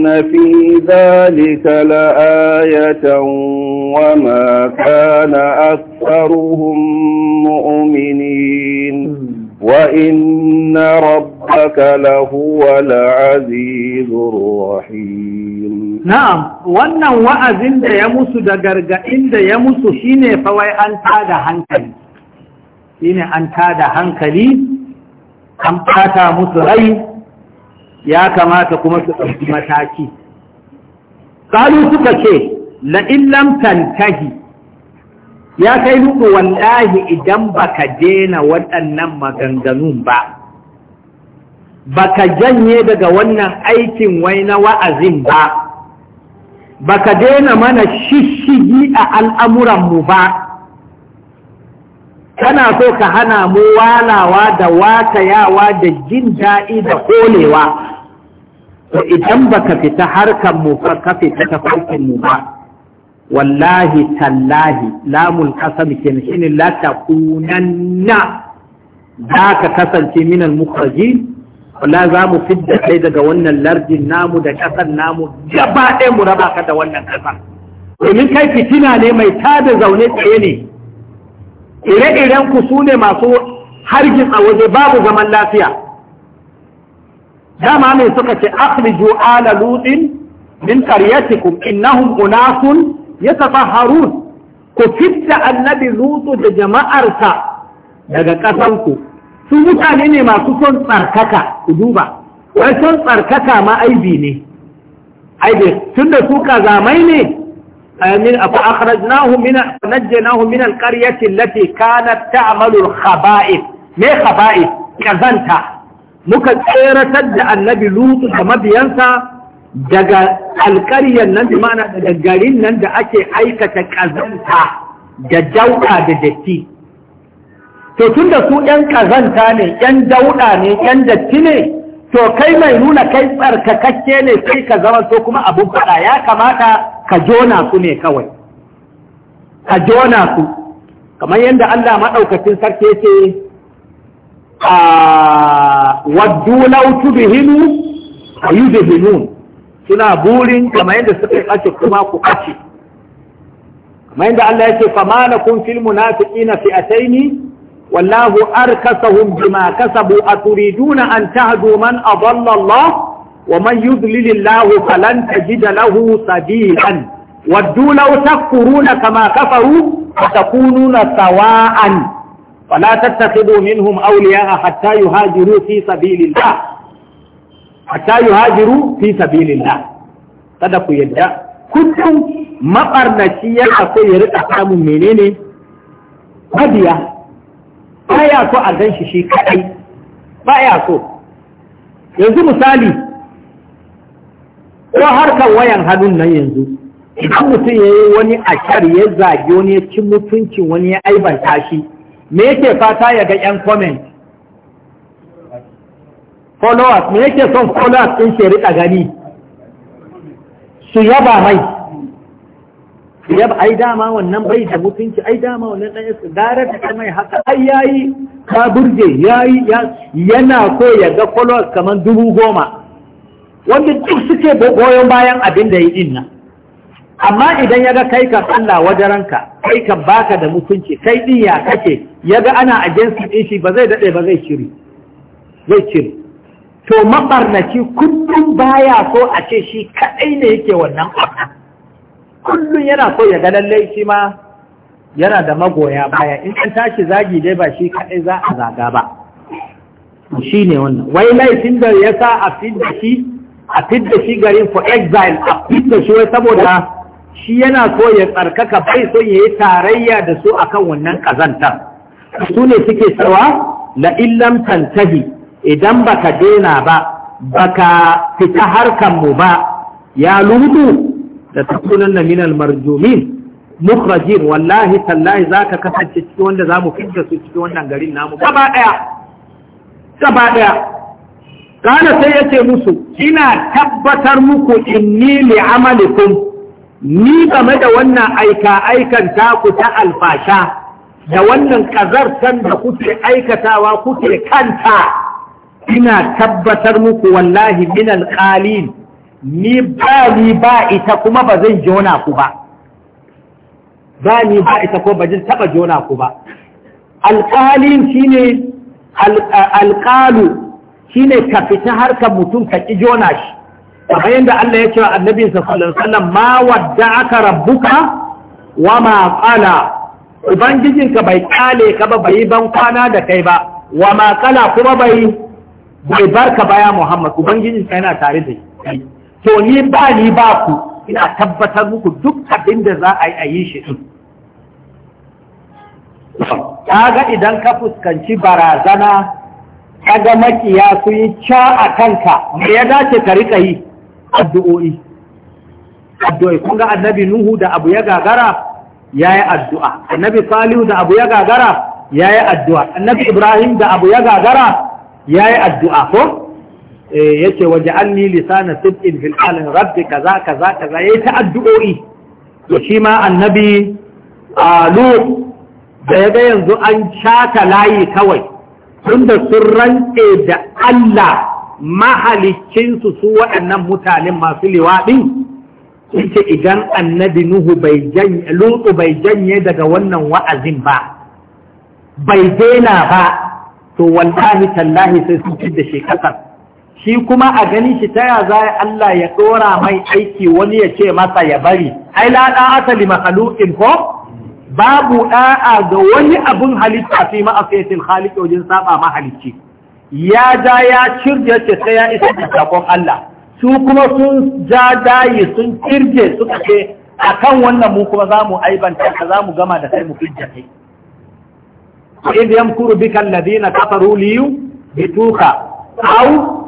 Speaker 2: إن في ذلك لآية وما كان أكثرهم مؤمنين hmm. وإن ربك لهو العزيز الرحيم
Speaker 1: نعم wannan wa'azin da ya musu da gargaɗin da ya musu shine fa wai an tada hankali an tada musu rai ya kamata kuma su ɗauki mataki ƙalu suka ce la'in tantahi ya kai nuku wallahi idan baka dena waɗannan maganganun ba baka janye daga wannan aikin wai na wa'azin ba baka dena mana shishigi a al'amuranmu ba kana so ka hana mu walawa da watayawa da jin daɗi da kolewa to idan ba ka fita harkar mu ka fita ta farkin mu ba wallahi tallahi lamul qasam kin shin la takunanna za ka kasance minal mukhrajin wala za mu fidda kai daga wannan lardin namu da ƙasar namu gaba ɗaya mu raba ka da wannan ƙasar domin kai fitina ne mai tada zaune tsaye ne ire-iren ku su ne masu a waje babu zaman lafiya dama ne suka ce akhriju ala lutin min qaryatikum innahum unasun Harun ku fitta annabi lutu da jama'arsa daga ƙasanku su mutane ne masu son tsarkaka ku duba wai son tsarkaka ma aibi ne aibi tunda su kazamai ne من فأخرجناه من فنجيناه من القرية التي كانت تعمل الخبائث ما خبائث كذنتا muka tseratar da annabi lutu da mabiyansa daga alkaryar nan mana daga garin nan da ake aikata ƙazanta da dauɗa da datti to tun da su ‘yan ƙazanta ne ‘yan dauɗa ne ‘yan datti ne’ to kai mai nuna kai tsarkakakke ne sai ka zama to kuma abin faɗa ya kamata ka jona su ne kawai ka jona su kamar yadda Allah maɗaukacin sarki ce, a waddu lautu bihinu a yi bihinun suna burin kamar yadda suka yi ɓace kuma ku ɓace kamar yadda Allah ya ce fama na kun filmu na fi fil munafiqina fi'ataini والله أركسهم بما كسبوا أتريدون أن تهدوا من أضل الله ومن يضلل الله فلن تجد له سبيلا ودوا لو تكفرون كما كفروا وتكونون سواء فلا تتخذوا منهم أولياء حتى يهاجروا في سبيل الله حتى يهاجروا في سبيل الله صدقوا يدعى كنتم مقرنشية أقول يرد أحكام منين مدية baya so a gan shi shi kadai baya so yanzu misali ko harkar wayan hannun nan yanzu idan mutum ya yi wani ashar ya zage wani ya ci mutuncin wani ya aibanta shi me yake fata ya ga yan comment followers me yake son followers din shi rika gani su yaba mai yab ai dama wannan bai da mutunci ai dama wannan dan yasa gara da kai mai haka ai yayi ka burge yayi yana ko ya ga followers kaman dubu goma wanda duk suke goyon bayan abin da yi amma idan ya ga kai ka Allah wajaranka kai ka baka da mutunci kai din ya kake ya ga ana agency din shi ba zai dade ba zai ciri zai shiri to mabarnaci kullum baya so a ce shi kadai ne yake wannan abu kullum yana so ya ga lallai shi ma yana da magoya baya in an tashi zagi dai ba shi kaɗai za a zaga ba shi ne wannan wai laifin da ya sa a fidda shi a fidda shi garin for exile a fidda shi wai saboda shi yana so ya tsarkaka bai so ya yi tarayya da su akan wannan kazantar. su ne suke cewa la illam tantahi idan baka dena ba baka fita harkan mu ba ya lutu da takunan na minal marjumin mukhrajin wallahi tallahi zaka kasance cikin wanda zamu fitta su cikin wannan garin namu gaba daya gaba daya kana sai yace musu ina tabbatar muku inni li amalikum ni game da wannan aika aikan ku ta alfasha da wannan kazartan da kuke aikatawa kuke kanta ina tabbatar muku wallahi min alqalil ni ba ni ba ita kuma ba zan jona ku ba ba ni ba ita ko ba zan taba jona ku ba alƙalin shine alƙalu shine ka fita harkar mutum ka ki jona shi kamar yadda Allah ya ce wa annabi sallallahu alaihi wasallam ma wadda'aka rabbuka wa ma qala ka bai kale ka ba bai ban kwana da kai ba wa ma qala kuma bai bai barka baya Muhammad ubangijin ka yana tare da kai to ni ba ni ba ku ina tabbatar muku duk abin da za a yi a yi shi ɗin kaga idan ka fuskanci barazana kaga makiya su yi ca a kanka me ya dace ka rika yi addu'o'i addu'o'i kun ga annabi nuhu da abu ya gagara ya yi addu'a annabi salihu da abu ya gagara ya yi addu'a annabi ibrahim da abu ya gagara ya yi addu'a ko Eh, yace an lisana sidqin fil alam rabbi kaza kaza kaza yayi ta addu'o'i to shi ma annabi alu da yaga yanzu an shata layi kawai da sun rantse da Allah mahalicin su waɗannan mutanen masu liwaɗin ce idan annabi nuhu bai janye bai janye daga wannan wa'azin ba bai daina ba to wallahi tallahi sai sun ci da shi shi kuma a gani shi taya za Allah ya ɗora mai aiki wani ya ce masa ya bari ai la da'ata li makhluqin ko babu ɗa'a ga wani abun halitta fi ma'asiyatil khaliq wajen saba ma halicci ya ja ya cirje ce sai ya isa da sakon Allah su kuma sun ja dayi sun cirje suka ce akan wannan mu kuma zamu aibanta ka zamu gama da kai mu fijja kai in yamkuru bika alladhina kafaru liyu bituka aw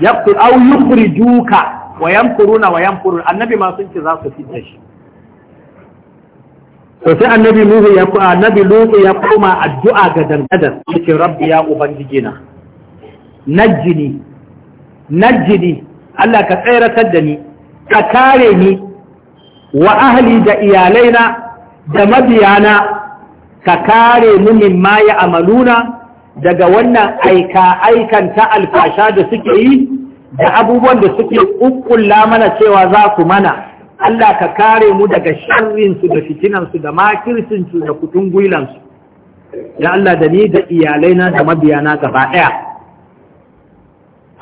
Speaker 1: yaqtu aw yukhrijuka wa yamkuruna wa yamkurun annabi ma sun ce za su fitta shi to sai annabi nuhu ya kuma annabi lutu ya kuma addu'a ga dangadan yake rabbi ya ubangiji na najjini najjini Allah ka tsayratar da ni ka kare ni wa ahli da iyalaina da mabiyana ka kare mu min ma ya amaluna daga wannan aika aikanta ta alfasha da suke yi da abubuwan da suke ƙuƙƙulla mana cewa za ku mana Allah ka kare mu daga sharrinsu da fitinansu da makircinsu da kutun gwilansu ya Allah da ni da iyalaina da mabiyana gaba ɗaya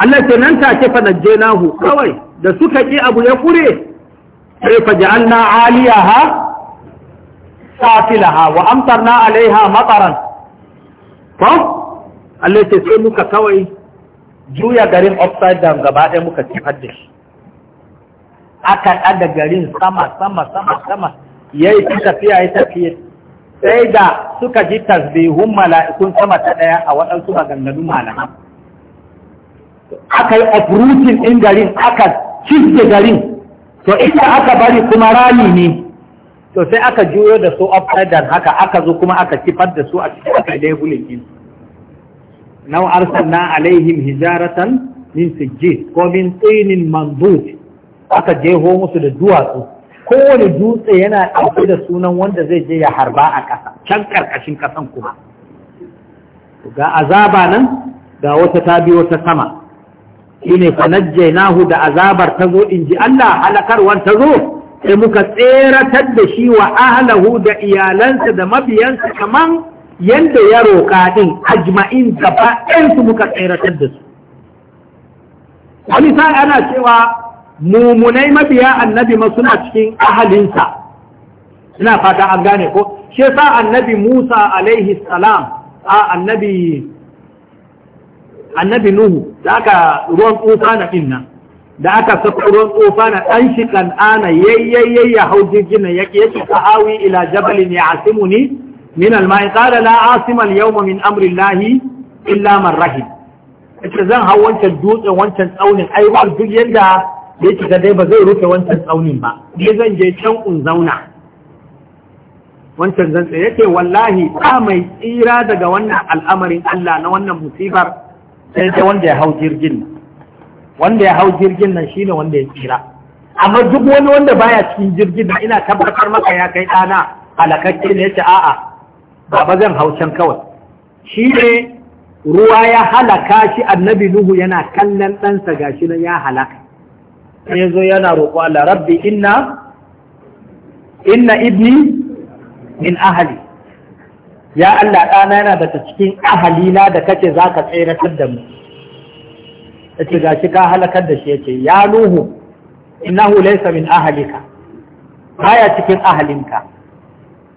Speaker 1: Allah ce nan take fa nahu. kawai da suka ƙi abu ya kure sai fa ja'alna aliyaha safilaha wa amtarna alaiha mataran to Allah ce sai muka kawai juya garin upside down gaba ɗaya muka ci da shi aka ɗaga garin sama sama sama sama ya yi tafiya ya tafiye sai da suka ji tasbihun mala'ikun sama ta ɗaya a waɗansu maganganu malaman aka yi uprooting ɗin garin aka cizge garin to ita aka bari kuma rami ne to sai aka juyo da su upside down haka aka zo kuma aka kifar da su a cikin aka bulin hulun law arsalna alaihim hijaratan min sijjid ko min tsinin mandud aka jeho musu da duwatsu kowane dutse yana ɗauke da sunan wanda zai je ya harba a ƙasa can ƙarƙashin ƙasan kuma ga azaba nan ga wata ta biyo ta sama shine fanajjaynahu da azabar ta zo in ji Allah halakarwan ta zo sai muka tseratar da shi wa ahlahu da iyalansa da mabiyansa kaman yanda ya roƙa ɗin ajma'in gaba ɗin su muka tseratar da su wani sa ana cewa mumunai mabiya annabi ma suna cikin ahalinsa ina fata an gane ko shi sa annabi Musa alaihi salam a annabi annabi Nuhu da aka ruwan tsufa na ɗin nan da aka saka ruwan tsufa na ɗan shi kan'ana yayyayya hau jirgin yake yake awi ila jabalin ya asimuni min alma'i qala la asima al-yawma min amri llahi illa man rahim ita zan hau wancan dutsen wancan tsaunin ai ba duk yadda da yake ga dai ba zai rufe wancan tsaunin ba ni zan je can in zauna wancan zan tsaye yake wallahi ba mai tsira daga wannan al'amarin Allah na wannan musibar sai ta wanda ya hau jirgin wanda ya hau jirgin nan shine wanda ya tsira amma duk wani wanda baya cikin jirgin da ina tabbatar maka ya kai ɗana halakakke ne yace a'a ba zan haucan kawai shi ne ruwa ya halaka shi annabi nuhu yana kallon ɗansa gashi nan ya halaka ya zo yana roƙo Allah rabbi inna inna ibni min ahali ya Allah ɗana yana daga cikin ahalina da kace za ka tseratar da mu yace gashi ka halakar da shi yace ya nuhu innahu laysa min ahalika baya cikin ahalinka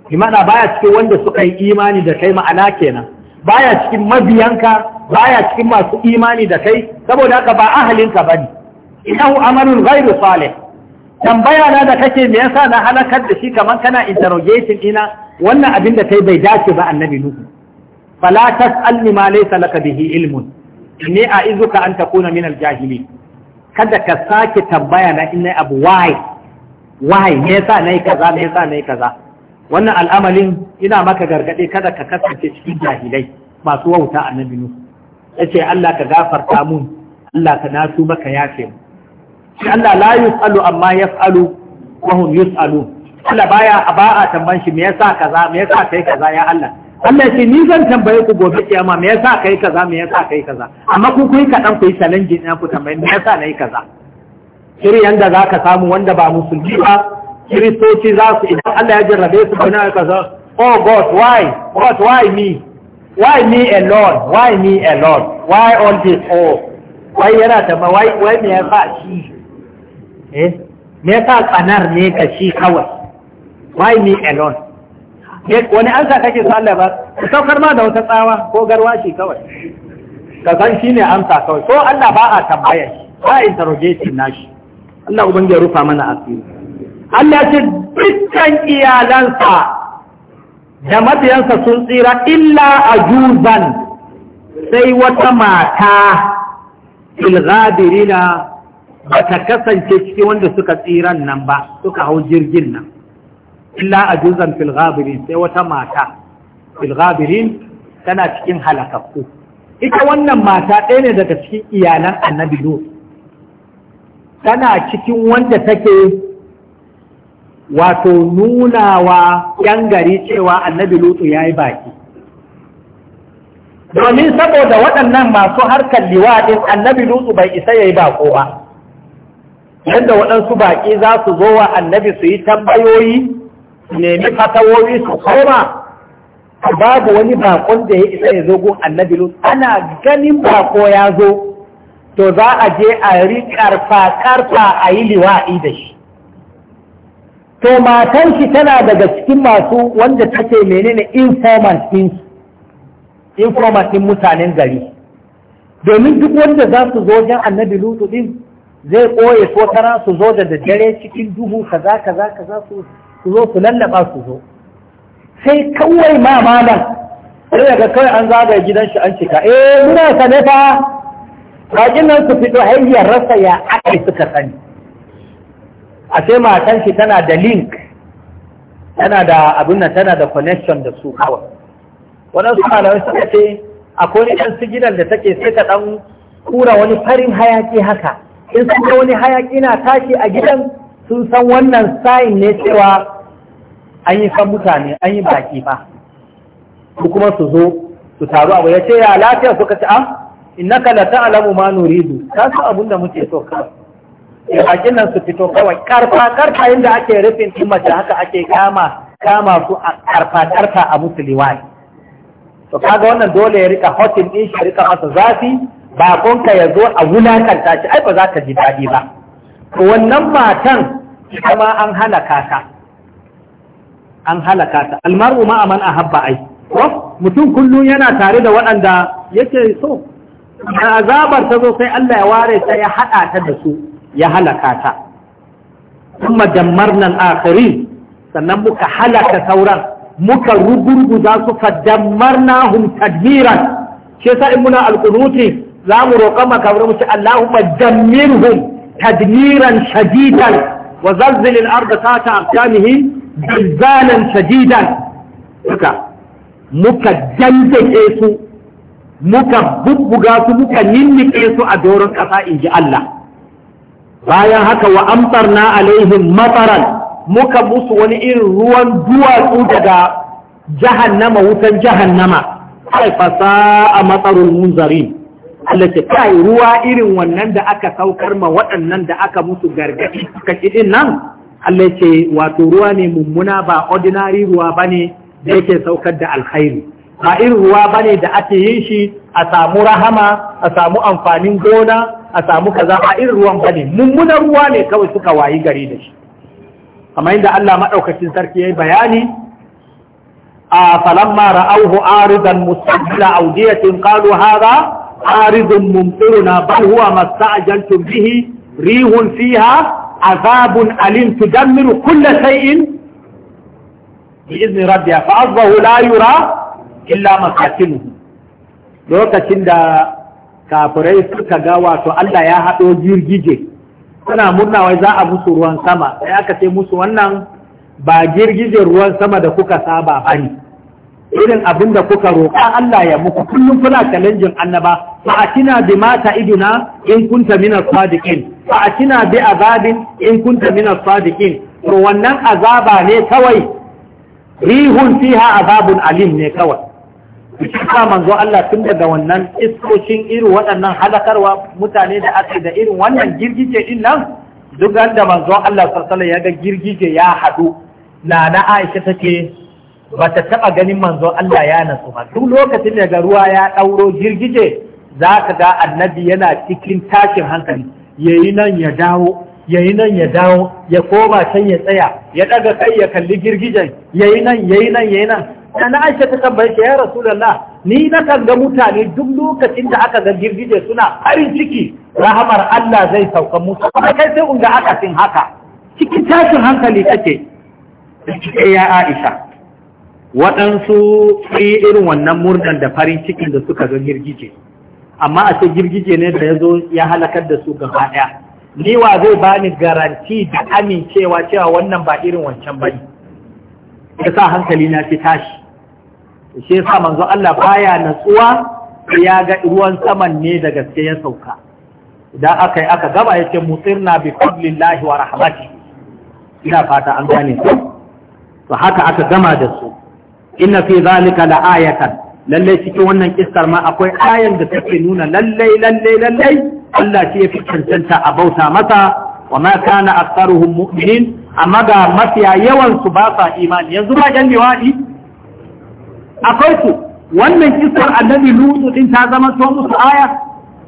Speaker 1: imana baya cikin wanda suka yi imani da kai ma'ana kenan baya cikin mabiyanka baya cikin masu imani da kai saboda haka ba ahalinka ne. inahu amalun ghairu salih tambaya na da kake me yasa na halakar da shi kamar kana interrogation ina wannan abin da kai bai dace ba annabi nuhu fala tasalni ma laysa laka bihi ilmun inni a'izuka an takuna min al-jahilin kada ka sake tambaya na inna abu why why me yasa nayi kaza me yasa nayi kaza wannan al'amalin ina maka gargaɗe kada ka kasance cikin jahilai masu wauta a annabi Ya ce Allah ka gafarta mun Allah ka nasu maka yafe mu shi Allah la yusalu amma yaf'alu wa hum yusalu Allah baya ba a tamban shi me yasa kaza me yasa kai kaza ya Allah Allah yace ni zan tambaye ku gobe kiyama me yasa kai kaza me yasa kai kaza amma ku kai kadan ku yi challenge ina ku tambaye me yasa nayi kaza shiryan da zaka samu wanda ba musulmi ba kiristoci za su idan Allah ya jarrabe su bana ya kasa oh God why God why me why me alone why me alone why all this oh why yana tamba why why me ya sa shi eh me ya sa tsanar ne ka shi kawai why me alone wani an sa kake sa Allah ba ku saukar ma da wata tsawa ko garwa shi kawai ka san shi ne amsa kawai ko Allah ba a tambaya shi ba interrogation nashi Allah ubangiji ya rufa mana asiri Allah ce dukkan iyalansa da mabiyansa sun tsira illa a juzan sai wata mata ilgabirina ba ta kasance cikin wanda suka tsiran nan ba suka hau jirgin nan illa a juzan filgabirin sai wata mata filgabirin tana cikin halakakku ita wannan mata ɗaya ne daga cikin iyalan annabi tana cikin wanda take wato nunawa yan gari cewa annabi lutu ya yi baki domin saboda waɗannan masu harkar liwaɗin annabi lutu bai isa ya yi bako ba yadda waɗansu baƙi za su zo wa annabi su yi tambayoyi nemi fatawoyi su koma babu wani bakon da ya isa ya zo gun annabi lutu ana ganin bako ya zo to za a je a riƙarfa karfa a yi liwaɗi da shi to matan shi tana daga cikin masu wanda take menene informant din informant din mutanen gari domin duk wanda za su zo wajen annabi lutu din zai koye so tara su zo da daddare cikin duhu kaza kaza kaza su zo su lallaba su zo sai kawai ma sai daga kawai an zagaye gidan shi an cika eh muna sane fa bakin nan su fito hayyar rasa ya aka suka sani a sai matan shi tana da link tana da abin nan tana da connection da su kawai waɗansu malamai suka ce akwai wani ɗan da take sai ta ɗan kura wani farin hayaki haka in sun ga wani hayaki na tashi a gidan sun san wannan sign ne cewa an yi san mutane an yi baki fa su kuma su zo su taru abu ya ce ya lafiya suka ce a ah, innaka la ta'lamu ma nuridu ka san abin muke so kawai bakin nan su fito kawai karfa karfa inda ake rufin din mace haka ake kama kama su a karfa karfa a musu liwai to kaga wannan dole ya rika hotin din shi rika masa zafi bakonka ya zo a wulakanta shi ai ba za ka ji daɗi ba to wannan matan kuma an halaka ta an halaka ta almaru ma aman habba ai mutum kullum yana tare da waɗanda yake so azabar ta zo sai Allah ya ware ta ya haɗa ta da su ya halaka ta kuma dammarnan akhirin sannan muka halaka sauran muka rugurguza su fa hum tadmiran shi yasa in muna alqunuti za mu roƙa makabar mu ce Allahumma dammirhum tadmiran shadidan wa zalzil al-ardh ta aqdamihi zilzalan shadidan duka muka dandake su muka bubbuga su muka ninnike su a doron ƙasa in ji Allah bayan haka wa amtarna alaihim mataran muka musu wani irin ruwan duwatsu daga jahannama wutan jahannama kai fasa a matsarul munzari Allah ce kai ruwa irin wannan da aka saukar ma waɗannan da aka musu gargaɗi suka kiɗin nan Allah ce wato ruwa ne mummuna ba ordinary ruwa bane da yake saukar da alkhairi ba irin ruwa bane da ake yin shi a samu rahama a samu amfanin gona a samu kaza a irin ruwan bane mummunan ruwa ne kawai suka wayi gari da shi amma inda Allah maɗaukacin sarki ya yi bayani a falamma ra'auhu aridan mustaqbila awdiyatin qalu hadha aridun mumtiruna bal huwa masta'jaltum bihi rihun fiha azabun alim tudammiru kulla shay'in bi izni rabbiha fa la yura illa masakinuhu lokacin da kafirai suka ga wato Allah ya haɗo girgije suna murna wai za a musu ruwan sama sai aka ce musu wannan ba girgijen ruwan sama da kuka saba ba ne irin abin da kuka roƙa Allah ya muku kullum kuna challenging annaba fa atina bi mata iduna in kunta min as-sadiqin fa atina bi azabin in kunta min as-sadiqin to wannan azaba ne kawai rihun fiha azabun alim ne kawai Ka manzo Allah tun daga wannan iskokin irin waɗannan halakarwa mutane da ake da irin wannan girgije din nan duk da manzo Allah sassala ya ga girgije ya haɗu na na Aisha take ba ta taɓa ganin manzo Allah ya nasu ba duk lokacin da ga ruwa ya ɗauro girgije za ka ga annabi yana cikin tashin hankali Ya yi nan ya dawo yayi nan ya dawo ya koma can ya tsaya ya ɗaga kai ya kalli girgijen yayi nan yayi nan yayi nan na aisha ta tambaye shi ya rasulallah ni na kan ga mutane duk lokacin da aka ga girgije suna farin ciki rahamar Allah zai sauka musu kuma kai sai unga aka sin haka cikin tashin hankali kake ya aisha waɗansu yi irin wannan murnan da farin cikin da suka ga girgije amma a ce girgije ne da ya zo ya halakar da su gaba ɗaya ni wa zai bani garanti da amincewa cewa wannan ba irin wancan bane ya sa hankali na fi tashi shi yasa manzo Allah baya natsuwa ya ga ruwan saman ne da gaske ya sauka idan aka yi aka gaba yake mutsirna bi fadlillahi wa rahmati ina fata an gane su to haka aka gama da su inna fi zalika la ayatan lalle cikin wannan kissar ma akwai ayan da take nuna lalle lalle lalle Allah shi yafi cancanta a bauta masa wa ma kana aktharuhum mu'minin amma ga mafiya yawan su ba sa imani yanzu ba jan akwai su wannan kisar annabi lutu din ta zama to musu aya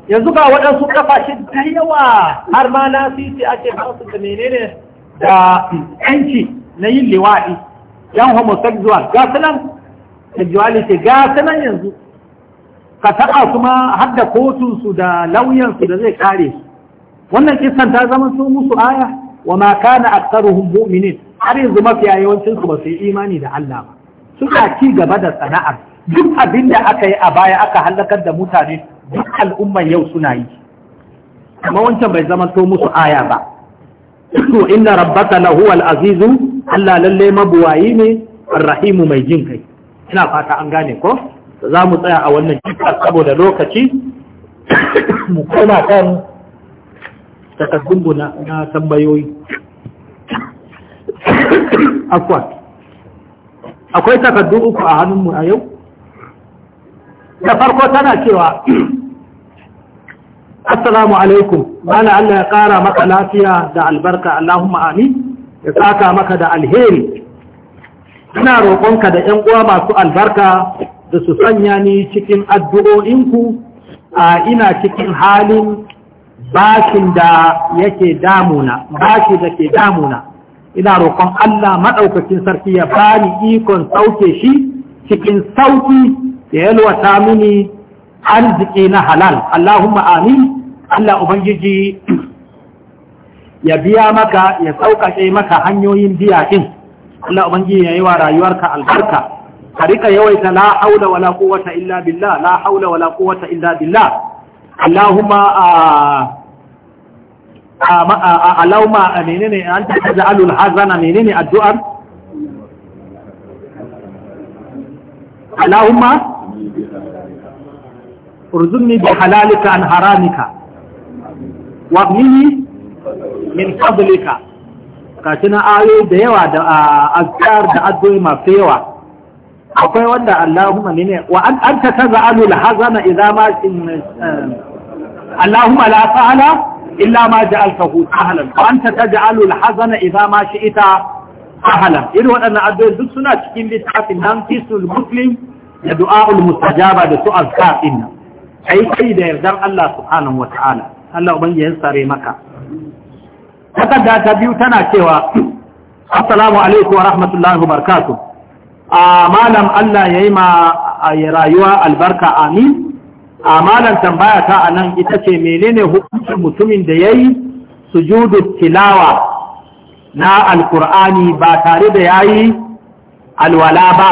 Speaker 1: yanzu ga waɗansu kafashe da yawa har ma lasisi ake ba su da menene da yanci na yin liwaɗi yan homosexual ga sanan sexuality ga sanan yanzu ka taɓa kuma har da kotunsu da lauyansu da zai kare su wannan kisan ta zama su musu aya wa ma kana aksar mu'minin har yanzu mafiya yawancinsu su ba su yi imani da Allah ba suna ci gaba da sana'ar duk abin da aka yi a baya aka halakar da mutane duk al'ummar yau suna yi amma wancan bai zama to musu aya ba to inna rabbaka lahu al-azizu Allah lalle mabuwayi ne arrahimu mai jin kai ina fata an gane ko za mu tsaya a wannan cikar saboda lokaci mu koma kan takaddun na tambayoyi akwai. akwai takardu uku a hannunmu a yau da farko tana cewa assalamu alaikum mana Allah ya kara maka lafiya da albarka Allahumma amin ya saka maka da alheri ina roƙonka da 'yan uwa masu albarka da su sanya ni cikin addu'o'inku a ina cikin halin bashin da yake damuna bashi da ke damuna ina roƙon Allah maɗaukakin sarki ya bani ikon sauke shi cikin sauki ya yalwata mini arziki na halal Allahumma amin Allah ubangiji ya biya maka ya sauƙaƙe maka hanyoyin biya din Allah ubangiji ya yi wa rayuwarka albarka ka riƙa yawaita la haula wala quwwata illa billah la haula wala quwwata illa billah Allahumma ah, a lauma a menene an ta ja'alul hazana menene addu'ar Allahumma urzuqni bi halalika an haramika wa aghnini min fadlika kashi na ayo da yawa da azkar da addu'o'i masu yawa akwai wanda Allahumma ne wa an anta tazalul hazana idza ma eh, Allahumma la ta'ala illa ma ja'altahu sahlan wa anta taj'alu al-hazana idha ma shi'ta sahlan In waɗannan addu'o'i duk suna cikin littafin nan fisul muslim da du'a'ul mustajaba da su azkar nan ai kai da yardar Allah subhanahu ta'ala. Allah ubangiji ya sare maka takarda ta biyu tana cewa assalamu alaikum wa rahmatullahi wa barakatuh a malam Allah yayi ma rayuwa albarka amin amalan tambaya ta anan ita ce menene hukuncin mutumin da yayi sujudu tilawa na alkur'ani ba tare da yayi alwala ba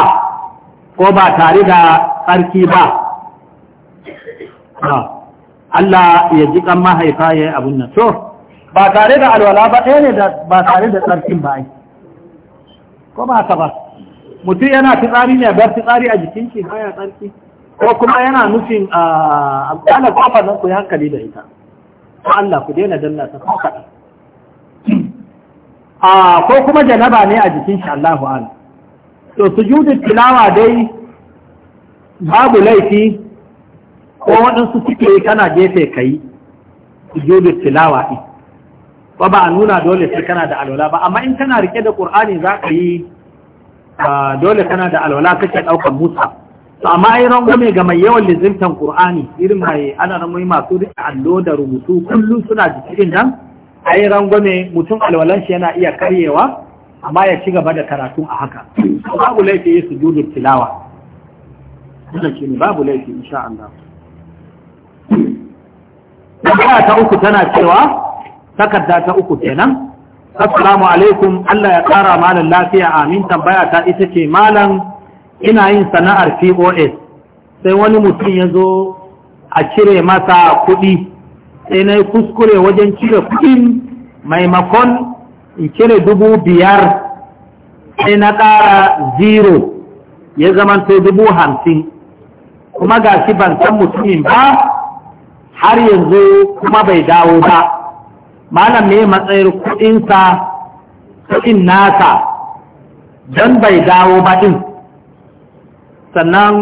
Speaker 1: ko ba tare da tsarki ba ah, Allah ya ji kan mahaifa ya yi abin nan to ba tare da alwala ba ɗaya ne ba tare da tsarkin ba ko ba haka ba mutum yana fitsari ne bar fitsari a jikin shi ya tsarki ko kuma yana nufin a ala kwafa nan ku yi hankali da ita ko Allah ku daina danna ta ko kaɗan a ko kuma janaba ne a jikin shi Allahu ala to sujudu tilawa dai babu laifi ko waɗansu suke kana gefe kai yi. tilawa ɗin ba ba a nuna dole sai kana da alwala ba amma in kana rike da ƙur'ani za ka yi dole kana da alwala kake ɗaukar musa to amma ai game ga mai yawan lizimtan qur'ani irin mai ana nan mai masu rike allo da rubutu kullum suna cikin nan ai rangwame mutum alwalan shi yana iya karyewa amma ya ci gaba da karatu a haka babu laifi yi sujudu tilawa wannan shine babu laifi insha Allah Allah ta uku tana cewa takarda ta uku kenan Assalamu alaikum Allah ya kara malam lafiya amin tambaya ta ita ce malam ina yin sana'ar pos sai wani mutum ya zo a cire masa kuɗi sai na yi kuskure wajen cire kuɗin maimakon in cire dubu biyar sai na ƙara zero ya zamanto dubu hamsin kuma ga shi ban san mutumin ba har yanzu kuma bai dawo ba malam ne matsayar kuɗinsa kuɗin nasa don bai dawo ba ɗin sannan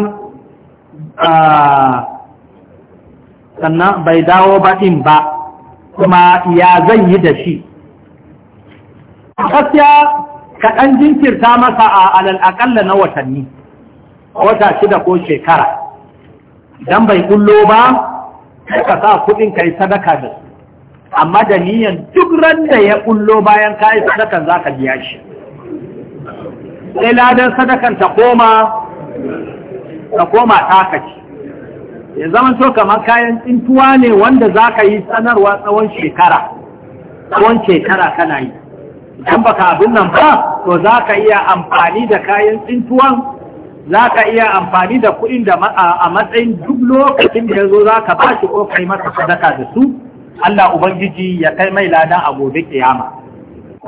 Speaker 1: sannan bai dawo ba in ba kuma ya zan yi da shi gaskiya kaɗan jinkirta masa a alal akalla na watanni wata shida ko shekara idan bai kullo ba ka sa kuɗin ka yi sadaka da su amma da niyan duk ran da ya kullo bayan ka yi sadakan za ka biya shi sai ladan sadakan ta koma ka koma taka ce ya zama so kamar kayan tsintuwa ne wanda za ka yi sanarwa tsawon shekara tsawon shekara kana yi idan baka abin nan ba to za ka iya amfani da kayan tsintuwan za ka iya amfani da kuɗin da a matsayin duk lokacin da ya zo za ka ba shi kai masa sadaka da su Allah Ubangiji ya kai mai ladan a gobe kiyama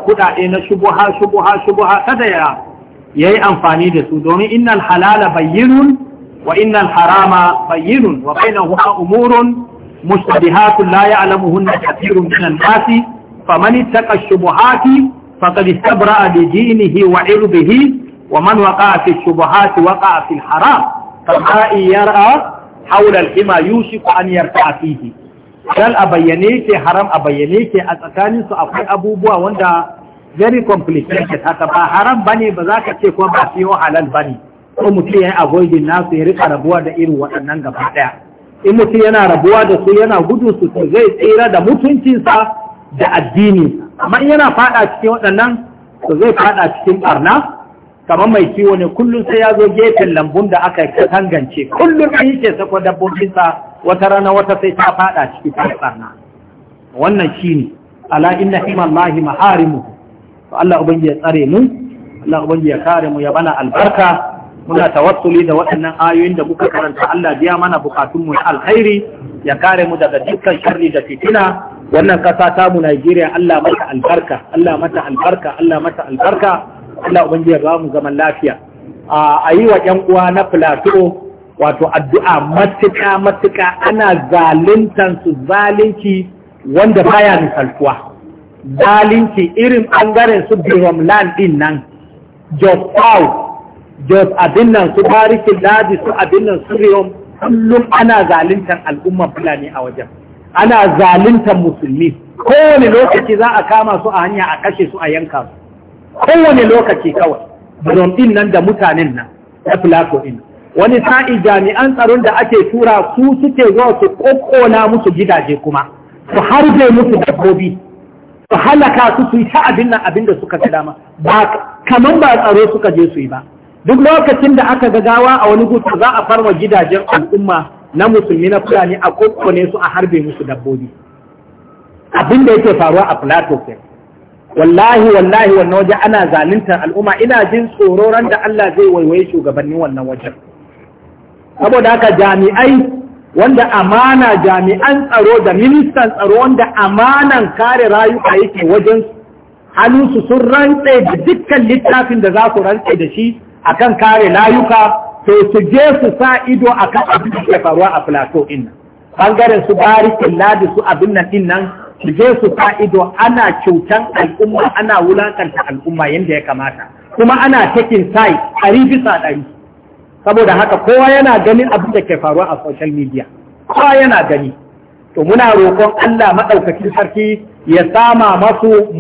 Speaker 1: kuɗaɗe na shubuha shubuha shubuha kada ya ya yi amfani da su domin innal halala bayyinun wa innal harama bayyinun wa bainahuma umurun mushtabihatun la ya'lamuhunna kathirun min an-nas faman ittaqa shubuhati faqad istabra'a bi dinihi wa 'irdihi wa man waqa'a fi ash-shubuhati waqa'a fi al-haram fa'i yar'a hawla al-hima yushiku an yarta'a fihi dal a bayyane ke haram a bayyane ke a tsakaninsu akwai abubuwa wanda very complicated haka ba haram bane ba za ka ce ko ba yau halal bane ko mutum ya yi avoiding nasu ya rika rabuwa da irin waɗannan gaba ɗaya in mutum yana rabuwa da su yana gudun su to zai tsira da mutuncinsa da addini amma in yana faɗa cikin waɗannan to zai faɗa cikin ɓarna kamar mai kiwo ne kullum sai ya zo gefen lambun da aka yi tangance kullum in ke sako dabbobinsa wata rana wata sai ta faɗa ciki ɓarna wannan shine ala inna himallahi maharimuhu to Allah ubangi ya tsare mu Allah ubangi ya kare mu ya bana albarka muna tawassuli da waɗannan ayoyin da muka karanta Allah biya mana bukatun mu alkhairi ya kare mu daga dukkan sharri da fitina wannan kasa ta mu Najeriya Allah mata albarka Allah mata albarka Allah mata albarka Allah ubangi ya ba mu zaman lafiya a yi wa ƴan uwa na plateau wato addu'a matuka matuka ana su zalunci wanda baya misaltuwa zalunci irin ɓangaren su Biromland ɗin nan, Jos South, Jos abin nan su Barikin Ladi su abin nan su kullum ana zaluntar al'ummar Fulani a wajen. Ana zaluntar musulmi, kowane lokaci za a kama su a hanya a kashe su a yanka su, kowane lokaci kawai, Birom ɗin nan da mutanen nan, da Filako ɗin. Wani sa'i jami'an tsaron da ake tura su suke zuwa su ƙoƙona musu gidaje kuma, su harbe musu dabbobi. su halaka su su yi ta abin nan abin da suka ga dama ba kamar ba tsaro suka je su yi ba duk lokacin da aka ga gawa a wani gutu za a farwa gidajen al'umma na musulmi na fulani a kokkone su a harbe musu dabbobi abin da yake faruwa a plateau wallahi wallahi wannan waje ana zaluntar al'umma ina jin tsoro ran da Allah zai waiwaye shugabannin wannan wajen saboda haka jami'ai wanda amana jami'an tsaro da ministan tsaro wanda amanan kare rayuka yake wajen su sun rantse da dukkan littafin da za su rantse da shi akan kare layuka to su je su sa ido akan abin da ke faruwa a plateau din bangaren su barikin ladi su abin nan din nan su je su sa ido ana cutan al'umma ana wulakanta al'umma yadda ya kamata kuma ana taking side ɗari bisa ɗari saboda haka kowa yana ganin abin da ke faruwa a social media kowa yana gani to muna roƙon Allah maɗaukacin sarki ya sama masu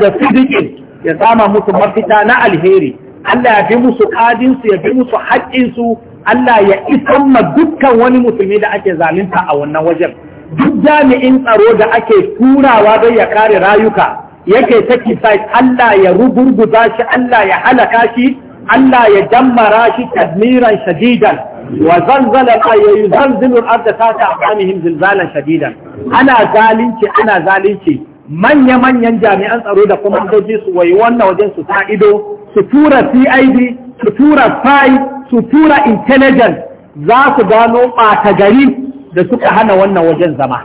Speaker 1: da sidiqin ya sama musu mafita na alheri Allah ya bi musu kadinsu ya bi musu haƙƙinsu Allah ya isan ma dukkan wani musulmi da ake zalunta a wannan wajen duk jami'in tsaro da ake turawa don ya kare rayuka yake sacrifice Allah ya rugurguza shi Allah ya halaka shi Allah ya jammara shi tadmiran shadidan wa zalzala ayyuhu zalzilu al-ardh ta amihim zilzalan shadidan ana zalunci ana zalunci manya manyan jami'an tsaro da kuma sojoji su wai wannan wajen su ta ido su tura CID su tura spy su tura intelligence za su gano ɓata gari da suka hana wannan wajen zama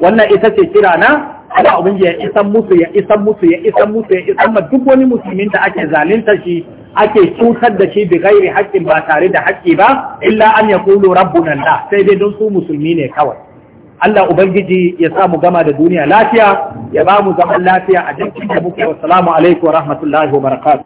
Speaker 1: wannan ita ce kira na Allah ubangiji ya isan musu ya isan musu ya isan musu ya isan duk wani musulmin da ake zalunta shi ake cutar da shi bi gairi haƙƙin ba tare da haƙƙi ba illa an ya kulu rabbuna Allah sai dai don su musulmi ne kawai Allah ubangiji ya sa mu gama da duniya lafiya ya ba mu zaman lafiya a dukkan da muke wa salamu alaikum wa rahmatullahi wa barakatuh